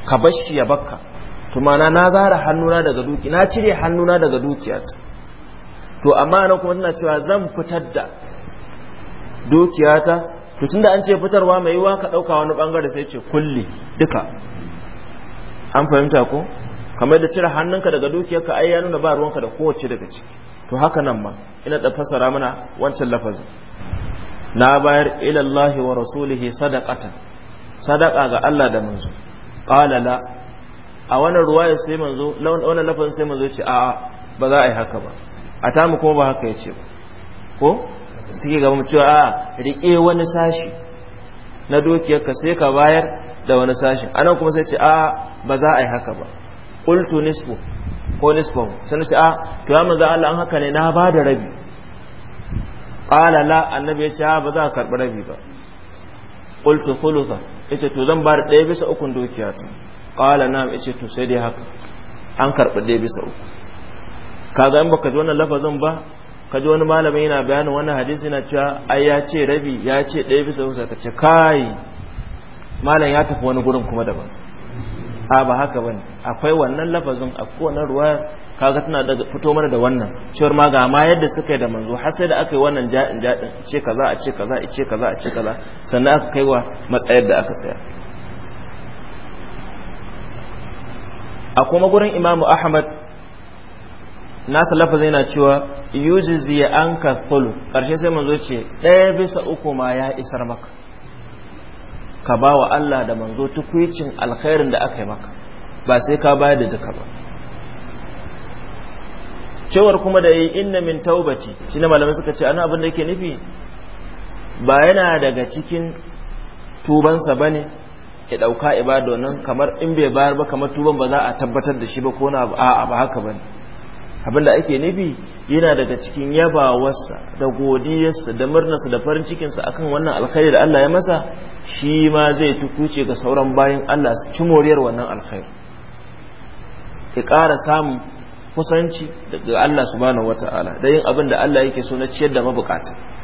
ka bashi ya bakka to mana na zara hannuna daga duki na cire hannuna daga dukiyata to amma nan kuma tana cewa zan fitar da dukiyata to tunda an ce fitarwa mai yiwa ka dauka wani bangare sai ce kulli duka an fahimta ko kamar da cire hannunka daga dukiyarka ai ya nuna ba ruwanka da kowace daga ciki to haka nan ma ina da fasara mana wancan lafazin na bayar ilallahi wa rasulihi sadaqatan sadaqa ga Allah da manzo qala la a wannan ruwaya sai manzo wannan lafazin sai manzo ce a'a ba za a yi haka ba a tamu kuma ba haka yace ba ko suke gaba cewa a'a rike wani sashi na dokiyar ka sai ka bayar da wani sashi anan kuma sai ce a'a ba za a yi haka ba qultu nisfu ko nisfahu sai ce a to ya manzo Allah an haka ne na ba da rabi qala la annabi ya ce ba za ka karbi rabi ba qultu thuluthan yace to zan ba da ɗaya bisa ukun dokiyar. ta qala na ce to sai dai haka an karɓi dai bisa uku kaga in baka ji wannan lafazin ba ka ji wani malamin yana bayanin wannan hadisi na cewa ai ya ce rabi ya ce ɗaya bisa uku ka ce kai malam ya tafi wani gurin kuma daban a ba haka bane akwai wannan lafazin akwai wannan ruwa kaga tana da fito mana da wannan cewar ma ga ma yadda suka yi da manzo har sai da aka yi wannan ja'in ja'in ce kaza a ce kaza a ce kaza a ce kaza sannan aka kai wa matsayar da aka tsaya a kuma gurin imamu ahmad nasa zai na cewa uses ya an ka ƙarshe sai manzo ce ɗaya bisa uku ma ya isar maka ka ba wa Allah da manzo tukwicin alkhairin da aka yi maka ba sai ka bayar da duka ba cewar kuma da yi inna min taubati shi na malamai suka ce ana abin da yake nufi ba yana daga cikin tubansa ba ne ya dauka ibada nan kamar in bai bayar ba kamar tuban ba za a tabbatar da shi ba ko na a'a ba haka bane abinda ake nufi yana daga cikin yabawarsa da godiyarsa da murnarsa da farin cikinsa akan wannan alkhairi da Allah ya masa shi ma zai tukuce ga sauran bayan Allah su ci moriyar wannan alkhairi ya ƙara samun kusanci daga Allah subhanahu wata'ala da yin abin da Allah yake so na ciyar da mabukata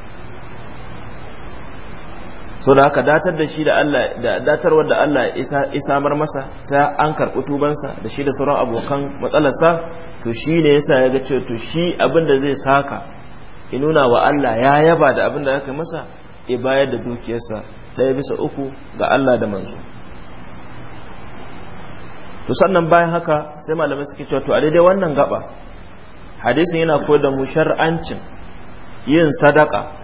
so da haka datar da shi da Allah da datarwar da Allah isa isamar masa ta an karɓi tubansa da shi da sauran abokan matsalarsa to shi ne yasa ya ga cewa to shi abin da zai saka ki nuna wa Allah ya yaba da abin da aka masa ya bayar da dukiyarsa ɗaya bisa uku ga Allah da manzo to sannan bayan haka sai malamai suke cewa to a daidai wannan gaba hadisin yana koyar da mu shar'ancin yin sadaka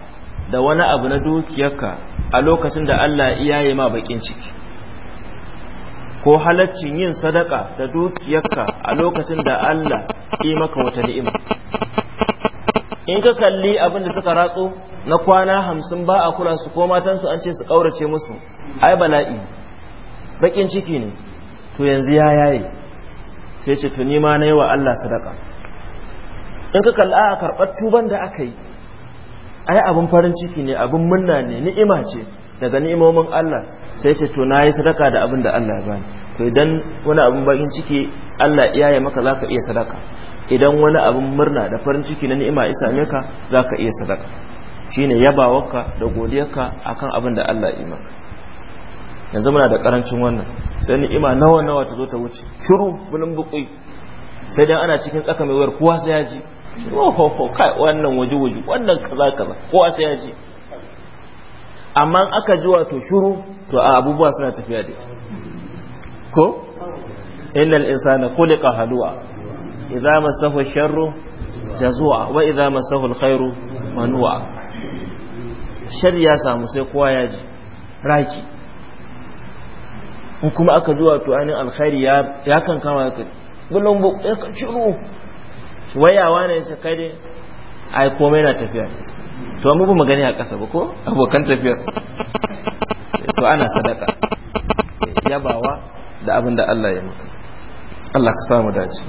da wani abu na dukiyarka a lokacin da Allah iya yi ma bakin ciki ko halaccin yin sadaka da dukiyarka a lokacin da Allah yi maka wata ni'ima in ka kalli abin da suka ratso na kwana hamsin ba a kula su ko matansu an ce su kaurace musu ai bala'i bakin ciki ne to yanzu ya yaye sai ce tuni ma na yi wa Allah sadaka in ka kalli a karɓar tuban da aka yi ai abin farin ciki ne abin murna ne ni'ima ce daga ni'imomin Allah sai ce to nayi sadaka da abin da Allah ya bani to idan wani abin bakin ciki Allah ya maka zaka iya sadaka idan wani abin murna da farin ciki na ni'ima ya same ka zaka iya sadaka shine yabawarka da godiyarka akan abin da Allah ya maka yanzu muna da karancin wannan sai ni'ima nawa nawa ta zo ta wuce shiru bulun bukui sai dan ana cikin tsaka mai wayar kowa sai ya ji ohoho kai wannan waje-waje wannan kaza-kaza kowa sai ya ce amma aka ji wato shuru to a abubuwa suna tafiya da ko innal insana khuliqa halwa idza masahu sharru jazua wa idza masahu alkhairu manua shar ya samu sai kowa ya ji raki in kuma aka ji wato anin alkhairi ya kan kama ka bulumbu ya shiru wayawa ne sai kai dai ai komai na tafiya to mu ba magani a ƙasa ba ko abokan tafiya to ana sadaka yabawa da abin da Allah ya maka Allah ka samu dace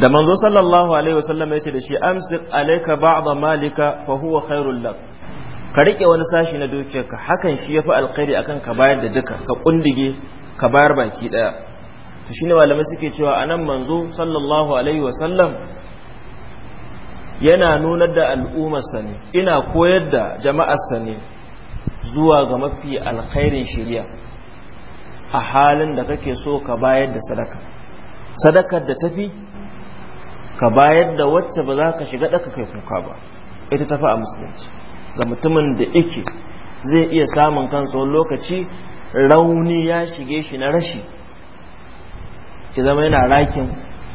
da manzo sallallahu alaihi wasallam ya ce da shi amsik alayka ba'd malika fa huwa khairul lak ka rike wani sashi na dukiyarka hakan shi yafi alkhairi akan ka bayar da duka ka kundige ka bayar baki daya shi ne malamai suke cewa a nan manzo sallallahu alaihi wasallam yana nunar da al'ummarsa ne ina koyar da jama'arsa ne zuwa ga mafi alkhairin shirya a halin da kake so ka bayar da sadaka sadakar da tafi ka bayar da wacce ba za ka shiga ɗaka kai kuka ba ita tafi a musulunci ga mutumin da ike zai iya samun kansa wani lokaci rauni ya shige shi na rashi ki zama yana rakin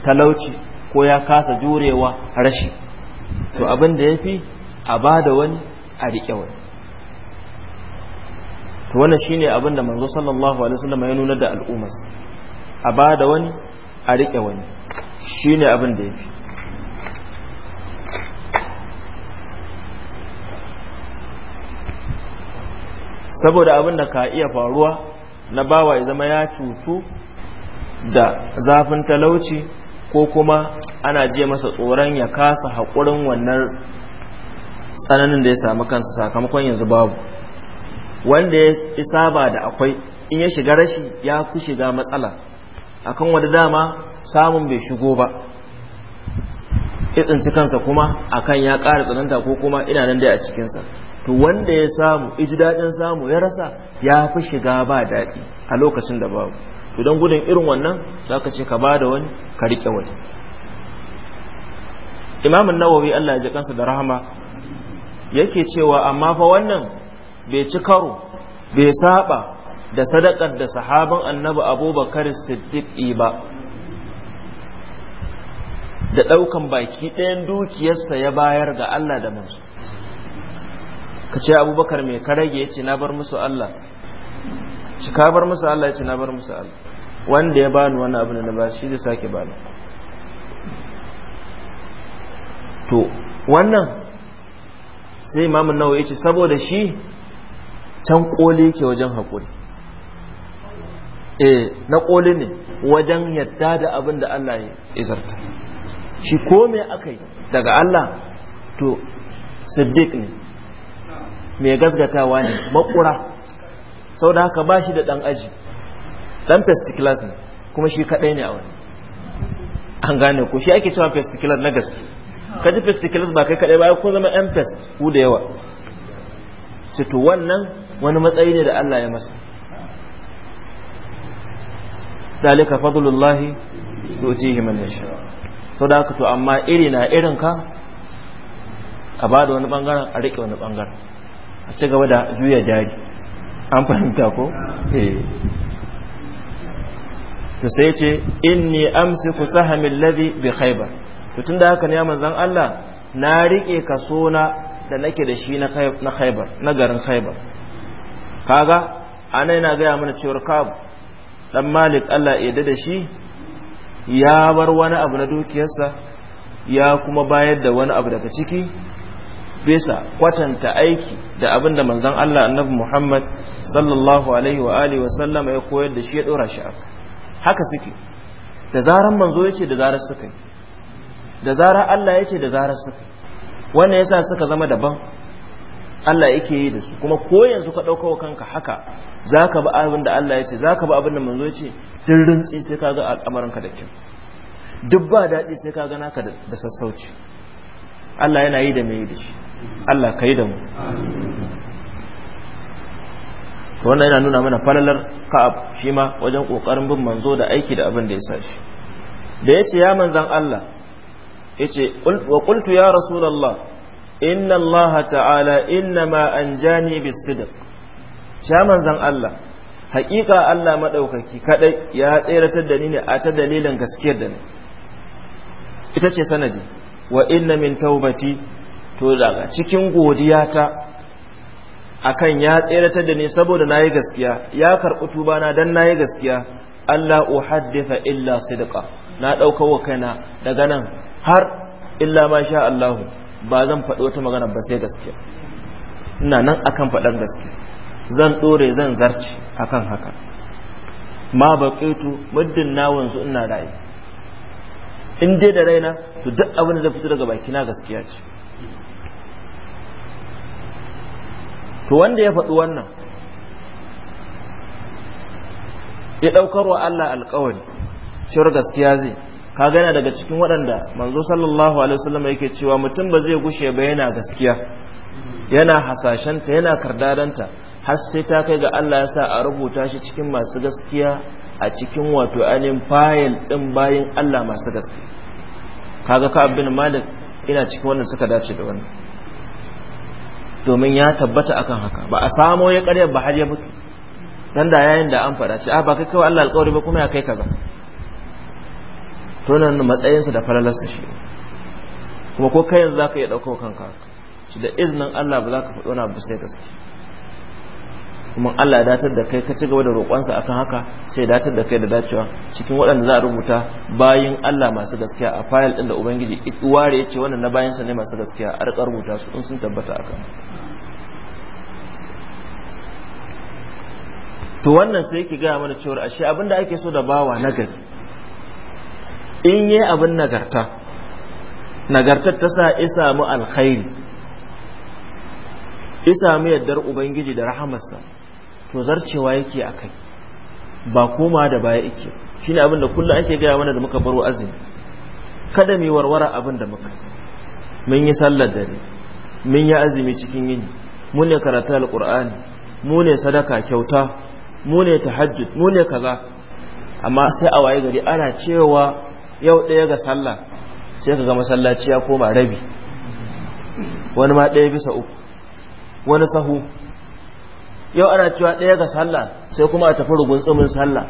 talauci ko ya kasa jurewa rashi to abin da ya fi a ba da wani a riƙe wani to wannan shine abin da manzo sallallahu alaihi wasallam ya nuna da al'ummas a ba da wani a riƙe wani shine abin da ya fi saboda abin da ka iya faruwa na bawa ya zama ya cutu da zafin talauci ko kuma ana je masa tsoron ya kasa haƙurin wannan tsananin da ya samu kansa sakamakon yanzu babu wanda ya saba da akwai in ya shiga rashi ya ku shiga matsala akan wadda dama samun bai shigo ba tsinci kansa kuma akan ya ƙara tsananta ko kuma ina nan dai a cikinsa to wanda ya samu iji daɗin samu ya rasa ya fi shiga ba daɗi a lokacin da babu to gudun irin wannan za ka ce ka ba da wani ka riƙe wani imamun nawawi allah ya jikansa da rahama yake cewa amma fa wannan bai ci karo bai saba da sadakar da sahabin annabi abubakar siddiqi ba da ɗaukan baki ɗayan dukiyarsa ya bayar ga allah da mansu ka ce abubakar mai karage ya ce na bar musu allah ci ka bar musu allah ya ce na bar musu allah wanda ya bani wani abu da na ba shi zai sake bani to wannan sai imamun nawa ya ce saboda shi can koli ke wajen haƙuri eh na koli ne wajen yadda da abin da Allah ya izarta shi kome aka yi daga Allah to siddiq ne mai gasgatawa ne makura sau da haka ba shi da ɗan aji dan first class ne kuma shi kadai ne a wani an gane ko shi ake cewa first class na gaske ka ji first class ba kai kadai ba ko zama yan first ku da yawa ce to wannan wani matsayi ne da Allah ya masa dalika fadlullahi tu'tihi man yasha so da ka to amma iri na irin ka a bada wani bangaren a rike wani bangaren a ci gaba da juya jari an fahimta ko eh to sai ce inni amsiku sahamin ladhi bi khaybar to tunda haka ne manzon Allah na rike kaso na da nake da shi na khaybar na garin khaybar kaga ana yana gaya mana cewa kab dan malik Allah ya da shi ya bar wani abu na dukiyarsa ya kuma bayar da wani abu daga ciki bisa kwatanta aiki da abin da manzon Allah annabi Muhammad sallallahu alaihi wa alihi wa sallama ya koyar da shi ya dora shi aka haka suke da zarar manzo yace da zarar suka yi da zarar Allah yace da zarar suka yi wannan yasa suka zama daban Allah yake yi da su kuma ko yanzu ka dauka kanka haka zaka bi abin da Allah yace zaka bi abin da manzo yace tun rintsi sai ka ga al'amarin ka da kyau duk ba daɗi sai ka gana ka da sassauci Allah yana yi da mai yi da shi Allah ka yi da mu wannan yana nuna mana falalar ka'ab shi ma wajen kokarin bin manzo da aiki da abin da ya sashi da ya ce ya manzan Allah ce wa qultu ya rasulallah. inna Allah ta'ala inna ma an anjani bis-sidq ya manzan Allah haƙiƙa Allah maɗaukaki kaɗai ya tseratar da ni ne a ta dalilin gaskiyar da ni ita ce sanadi wa inna min taubati to daga cikin godiyata akan ya tseratar da ni saboda nayi gaskiya ya karɓi tuba na dan nayi gaskiya Allah uhadditha illa sidqa na ɗauka wa kaina daga nan har illa ma sha Allah ba zan faɗi wata magana ba sai gaskiya ina nan akan faɗin gaskiya zan dore zan zarci akan haka ma baqitu muddin na wanzu ina rai in dai da raina to duk abin da zai fito daga baki na gaskiya ce to wanda ya faɗi wannan ya ɗaukar wa Allah alƙawari cewar gaskiya zai ka gana daga cikin waɗanda manzo sallallahu alaihi wasallam yake cewa mutum ba zai gushe ba yana gaskiya yana hasashenta yana kardadanta har sai ta kai ga Allah ya sa a rubuta shi cikin masu gaskiya a cikin wato ainihin fayil ɗin bayin Allah masu gaskiya kaga ka abin malik ina cikin wannan suka dace da wannan domin ya tabbata akan haka ba a samo ya karya ba har ya mutu dan da yayin da an faɗa ci a ah, ba kai kawai Allah alƙawari ba kuma ya kai kaza to nan su da falalarsa shi kuma ko kai yanzu zaka iya dauko kanka shi da iznin Allah ba za ka faɗo na ba sai gaske kuma Allah ya datar da kai ka ci gaba da roƙonsa akan haka sai ya datar da kai da dacewa cikin waɗanda za a rubuta bayin Allah masu gaskiya a fayil ɗin da Ubangiji ware ya ce wannan na bayansa ne masu gaskiya a riƙa rubuta su in sun tabbata akan to wannan sai yake gaya mana cewar ashe abin ake so da bawa nagari in yi abin nagarta nagartar ta sa isa mu alkhairi isa mu yaddar ubangiji da rahamarsa to zarcewa yake a kai ba koma da baya yake shi ne abinda kullum ake gaya mana da muka baro azumi kada mai warwara abin da muka mun yi sallar dare mun yi azumi cikin yini mu ne karatu alkur'ani mu ne sadaka kyauta mu ne tahajjud mu ne kaza amma sai a waye gari ana cewa yau ɗaya ga sallah sai ka ga masallaci ya koma rabi wani ma ɗaya bisa uku wani sahu yau ana cewa ɗaya ga sallah sai kuma a tafi rugun tsumin sallah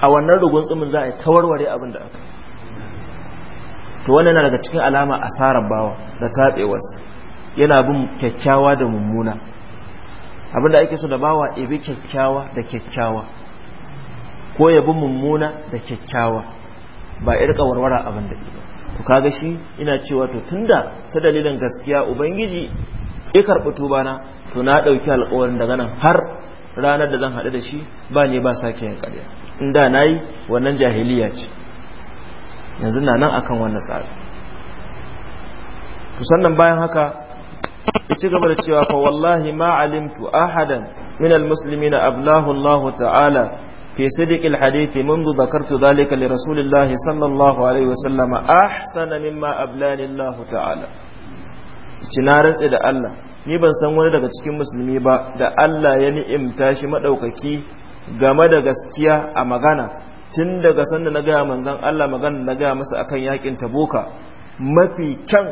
a wannan rugun tsumin za a yi tawarware abin da aka to wannan daga cikin alama a asarar bawa da taɓewas yana bin kyakkyawa da mummuna abin da ake so da bawa ebe kyakkyawa da kyakkyawa ko ya bi mummuna da kyakkyawa ba irka warwara abin da to kaga shi ina cewa to tunda ta dalilin gaskiya ubangiji ya karɓi tubana to na ɗauki alƙawarin daga nan har ranar da zan haɗu da shi ba ne ba sake yin ƙarya in da na yi wannan jahiliya ce yanzu na nan akan wannan tsari to bayan haka ya ci gaba da cewa fa wallahi ma alimtu ahadan minal almuslimina na Allah ta'ala fi sidq alhadith منذ zakartu ذلك li الله صلى الله عليه وسلم احسن مما ابلاني ci na rantse da Allah ni ban san wani daga cikin musulmi ba da Allah ya ni'imta shi madaukaki game da gaskiya a magana tun daga sanda na gaya manzon Allah magana na gaya masa akan yakin Tabuka mafi kyan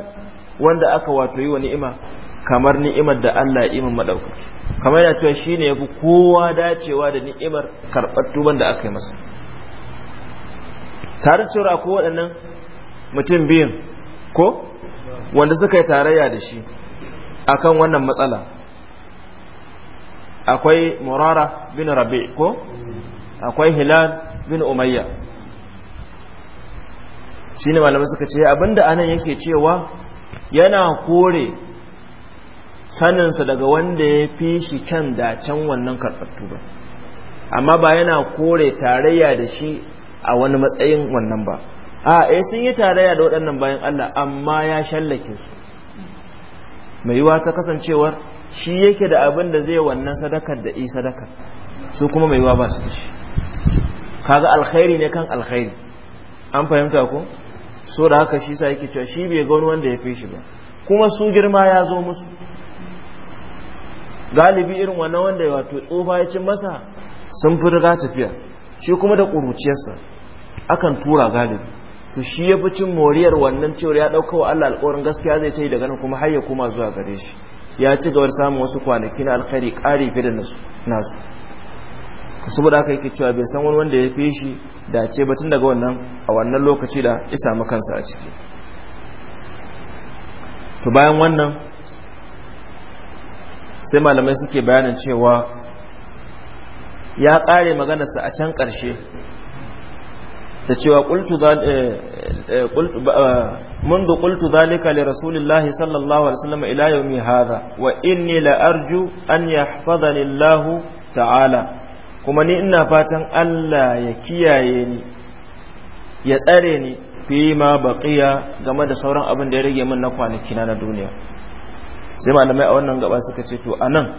wanda aka wato yi wa ni'ima kamar ni'imar da Allah ya min madaukaki kamar yana cewa shine yafi kowa dacewa da ni'imar karɓar tuban da aka yi masa tare da cewa ko waɗannan mutum biyun ko wanda suka yi tarayya da shi akan wannan matsala akwai murara bin rabe ko akwai hilal bin umayya shi ne malamai suka ce abinda anan yake cewa yana kore saninsa daga wanda ya fi shi kyan can wannan karfattu ba amma ba yana kore tarayya da shi a wani matsayin wannan ba a eh sun yi tarayya da waɗannan bayan Allah amma ya shallake su mai yiwa ta kasancewar shi yake da abin da zai wannan sadakar da i sadaka su kuma mai yiwa ba su dashi. Ka kaga alkhairi ne kan alkhairi an fahimta ko so da haka shi sa yake cewa shi bai ga wanda ya fi shi ba kuma su girma ya zo musu galibi irin wannan wanda ya wato tsofa ya cin masa sun fi riga tafiya shi kuma da ƙuruciyarsa akan tura galibi to shi ya fi cin moriyar wannan cewar ya ɗauka wa Allah alƙawarin gaskiya zai ta yi daga nan kuma har ya koma zuwa gare shi ya ci gabar samun wasu kwanaki na alkhari ƙari fi da nasu saboda aka yake cewa bai san wani wanda ya fi shi da ce batun daga wannan a wannan lokaci da ya samu kansa a ciki to bayan wannan sai malamai suke bayanin cewa ya ƙare maganarsa a can ƙarshe da cewa eh, eh, eh, mundu kultu zalika lai rasulun lahi sallallahu ala'uwa sallallahu ala'uwa ila yau mi haza wa in ni la'ar an ya fada lillahu ta'ala kuma ni ina fatan allah ya kiyaye ni ya tsare ni fi ma baƙiya game da sauran abin da ya rage min na kwanaki na duniya sai malamai a wannan gaba suka ce to anan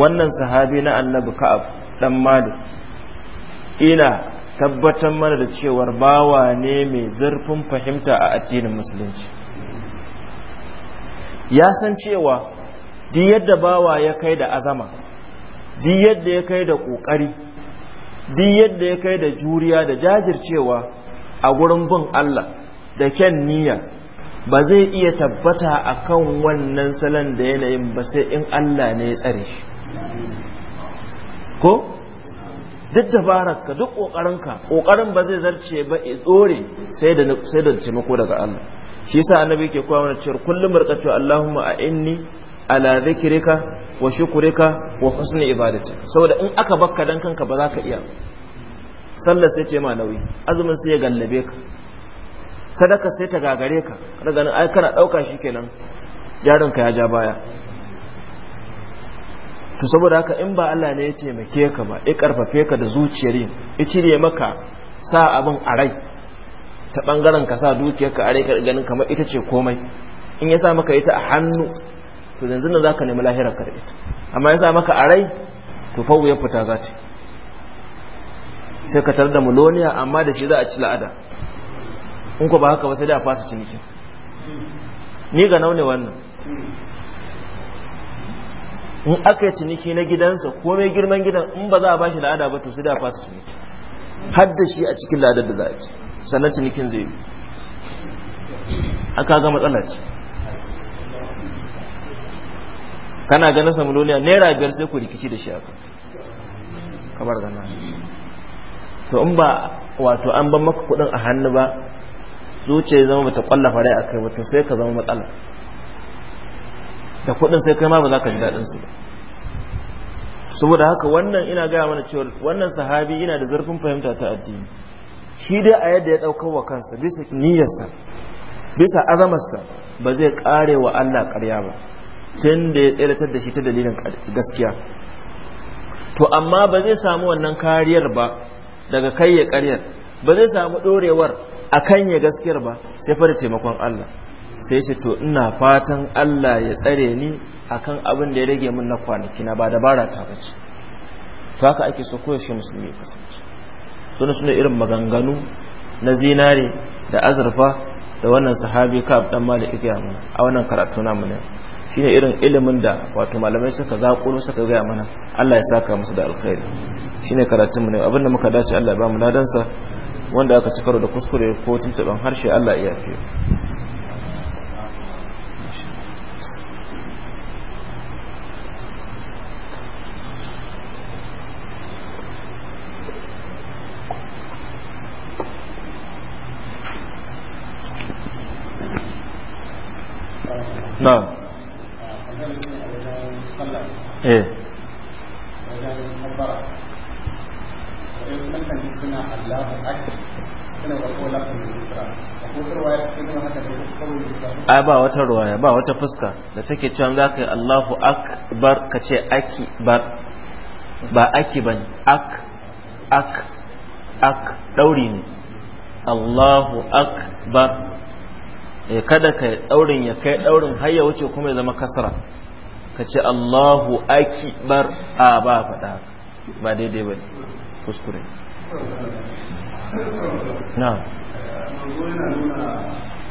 wannan sahabi na annabi ka'ab dan malu ina tabbatar mana da cewar bawa ne mai zurfin fahimta a addinin musulunci ya san cewa duk yadda bawa ya kai da azama duk yadda ya kai da ƙoƙari duk yadda ya kai da juriya da jajircewa a gurin bin Allah da kyan niyya ba zai iya tabbata a kan wannan salon da yanayin ba sai in Allah ne ya tsare shi ko duk dabararka duk ka kokarin ba zai zarce ba ya tsore sai da taimako daga Allah shi yasa annabi yake koya mana cewa kullum rika cewa Allahumma a inni ala zikrika wa shukrika wa husni ibadatik saboda in aka bakka dan kanka ba za ka iya sallar sai ce ma nauyi azumin sai ya gallabe ka sadaka sai ta gagare ka kada ganin ai kana dauka shikenan ka ya ja baya to saboda haka in ba Allah ne ya taimake ka ba ya karfafe ka da zuciyar yin ya cire maka sa abin a rai ta bangaren ka sa dukiyar ka a rai ganin kamar ita ce komai in ya sa maka ita a hannu to yanzu nan zaka nemi lahirar ka da ita amma ya sa maka a rai to ya fita za ta sai ka tar da muloniya amma da shi za a ci la'ada in ko ba haka ba sai da a fasa ciniki. ni ga naune wannan in aka ciniki na gidansa ko mai girman gidan in ba za a bashi la'ada ba to su da fasu ciniki har da shi a cikin la'adar da za a ci sannan cinikin zai yi aka ga matsala ce kana ganin samuloliya naira biyar sai ku rikici da shi aka kamar gana to in ba wato an ban maka kudin a hannu ba zuciya zama bata kwallafa rai akai ba to sai ka zama matsala da kuɗin sai kai ma ba za ka ji daɗin su ba saboda haka wannan ina gaya mana cewa wannan sahabi ina da zurfin fahimta ta addini shi dai a yadda ya ɗaukar wa kansa bisa niyyarsa bisa azamarsa ba zai kare wa Allah ƙarya ba tun da ya tseratar da shi ta dalilin gaskiya to amma ba zai samu wannan kariyar ba daga kai ya ƙaryar ba zai samu ɗorewar a kan ya gaskiyar ba sai fara taimakon Allah sai ce to ina fatan Allah ya tsare ni akan abin da ya rage min na kwanaki na ba dabara ta bace to haka ake so koyaushe musulmi ya kasance suna suna irin maganganu na zinare da azurfa da wannan sahabi ka dan malik ya mana a wannan karatu na mu ne shine irin ilimin da wato malamai suka zakulo suka ga mana Allah ya saka musu da alkhairi shine karatun mu ne abin da muka dace Allah ya ba mu ladansa wanda aka ci karo da kuskure ko tuntuban harshe Allah ya yafe ai ba wata ruwaya ba wata fuska da take cewa za ka yi Allahu akbar ka ce bar. ba aki ba ne ak ak ak ɗauri ne Allahu akbar e kada ka ɗaurin ya kai ɗaurin har ya wuce kuma ya zama kasra ka ce Allahu akbar a ba faɗa ba daidai ba kuskure na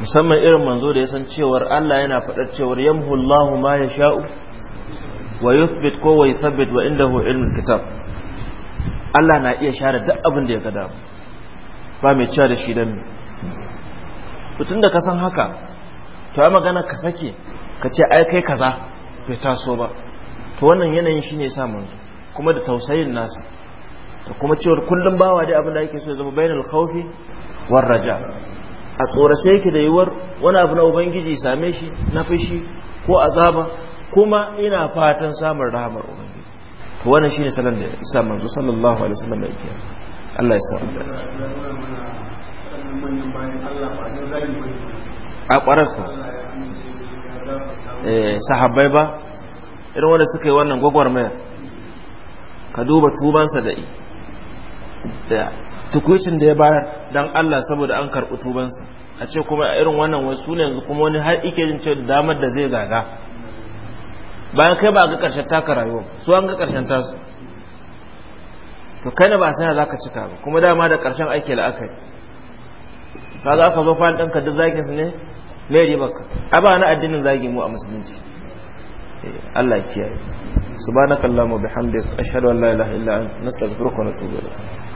musamman irin manzo da ya san cewar Allah yana faɗar cewar yamhullahu ma ya sha'u wa yuthbit ko wa yuthabbit wa indahu ilmul kitab Allah na iya share duk abin da ya ga dama ba mai cewa da shi dan mutum da ka san haka to ai magana ka sake ka ce ai kai kaza bai taso ba to wannan yanayin shine sa manzo kuma da tausayin nasa da kuma cewar kullum bawa dai abin da yake so ya zama bainal khawfi war raja' a tsorace yake da yiwuwar wani abu na ubangiji same shi na fushi ko azaba kuma ina fatan samun rahamar ubangiji to wannan shine salon da isa manzo sallallahu alaihi wasallam yake Allah ya da a eh sahabbai ba irin wanda suka yi wannan gwagwarmayar ka duba tubansa da tukuicin da ya bayar don Allah saboda an karɓi tubansa a ce kuma a irin wannan wasu ne yanzu kuma wani har ike jin cewa damar da zai zaga bayan kai ba ga ƙarshen taka rayuwa su an ga ƙarshen tasu to kai ne ba sai za ka cika ba kuma dama da ƙarshen ake la'akari ka za ka zo kwan ka duk zagin su ne mai baka a ba na addinin zagi mu a musulunci eh, Allah ya kiyaye subhanakallahumma bihamdika ashhadu an la ilaha illa anta nastaghfiruka wa natubu ilayk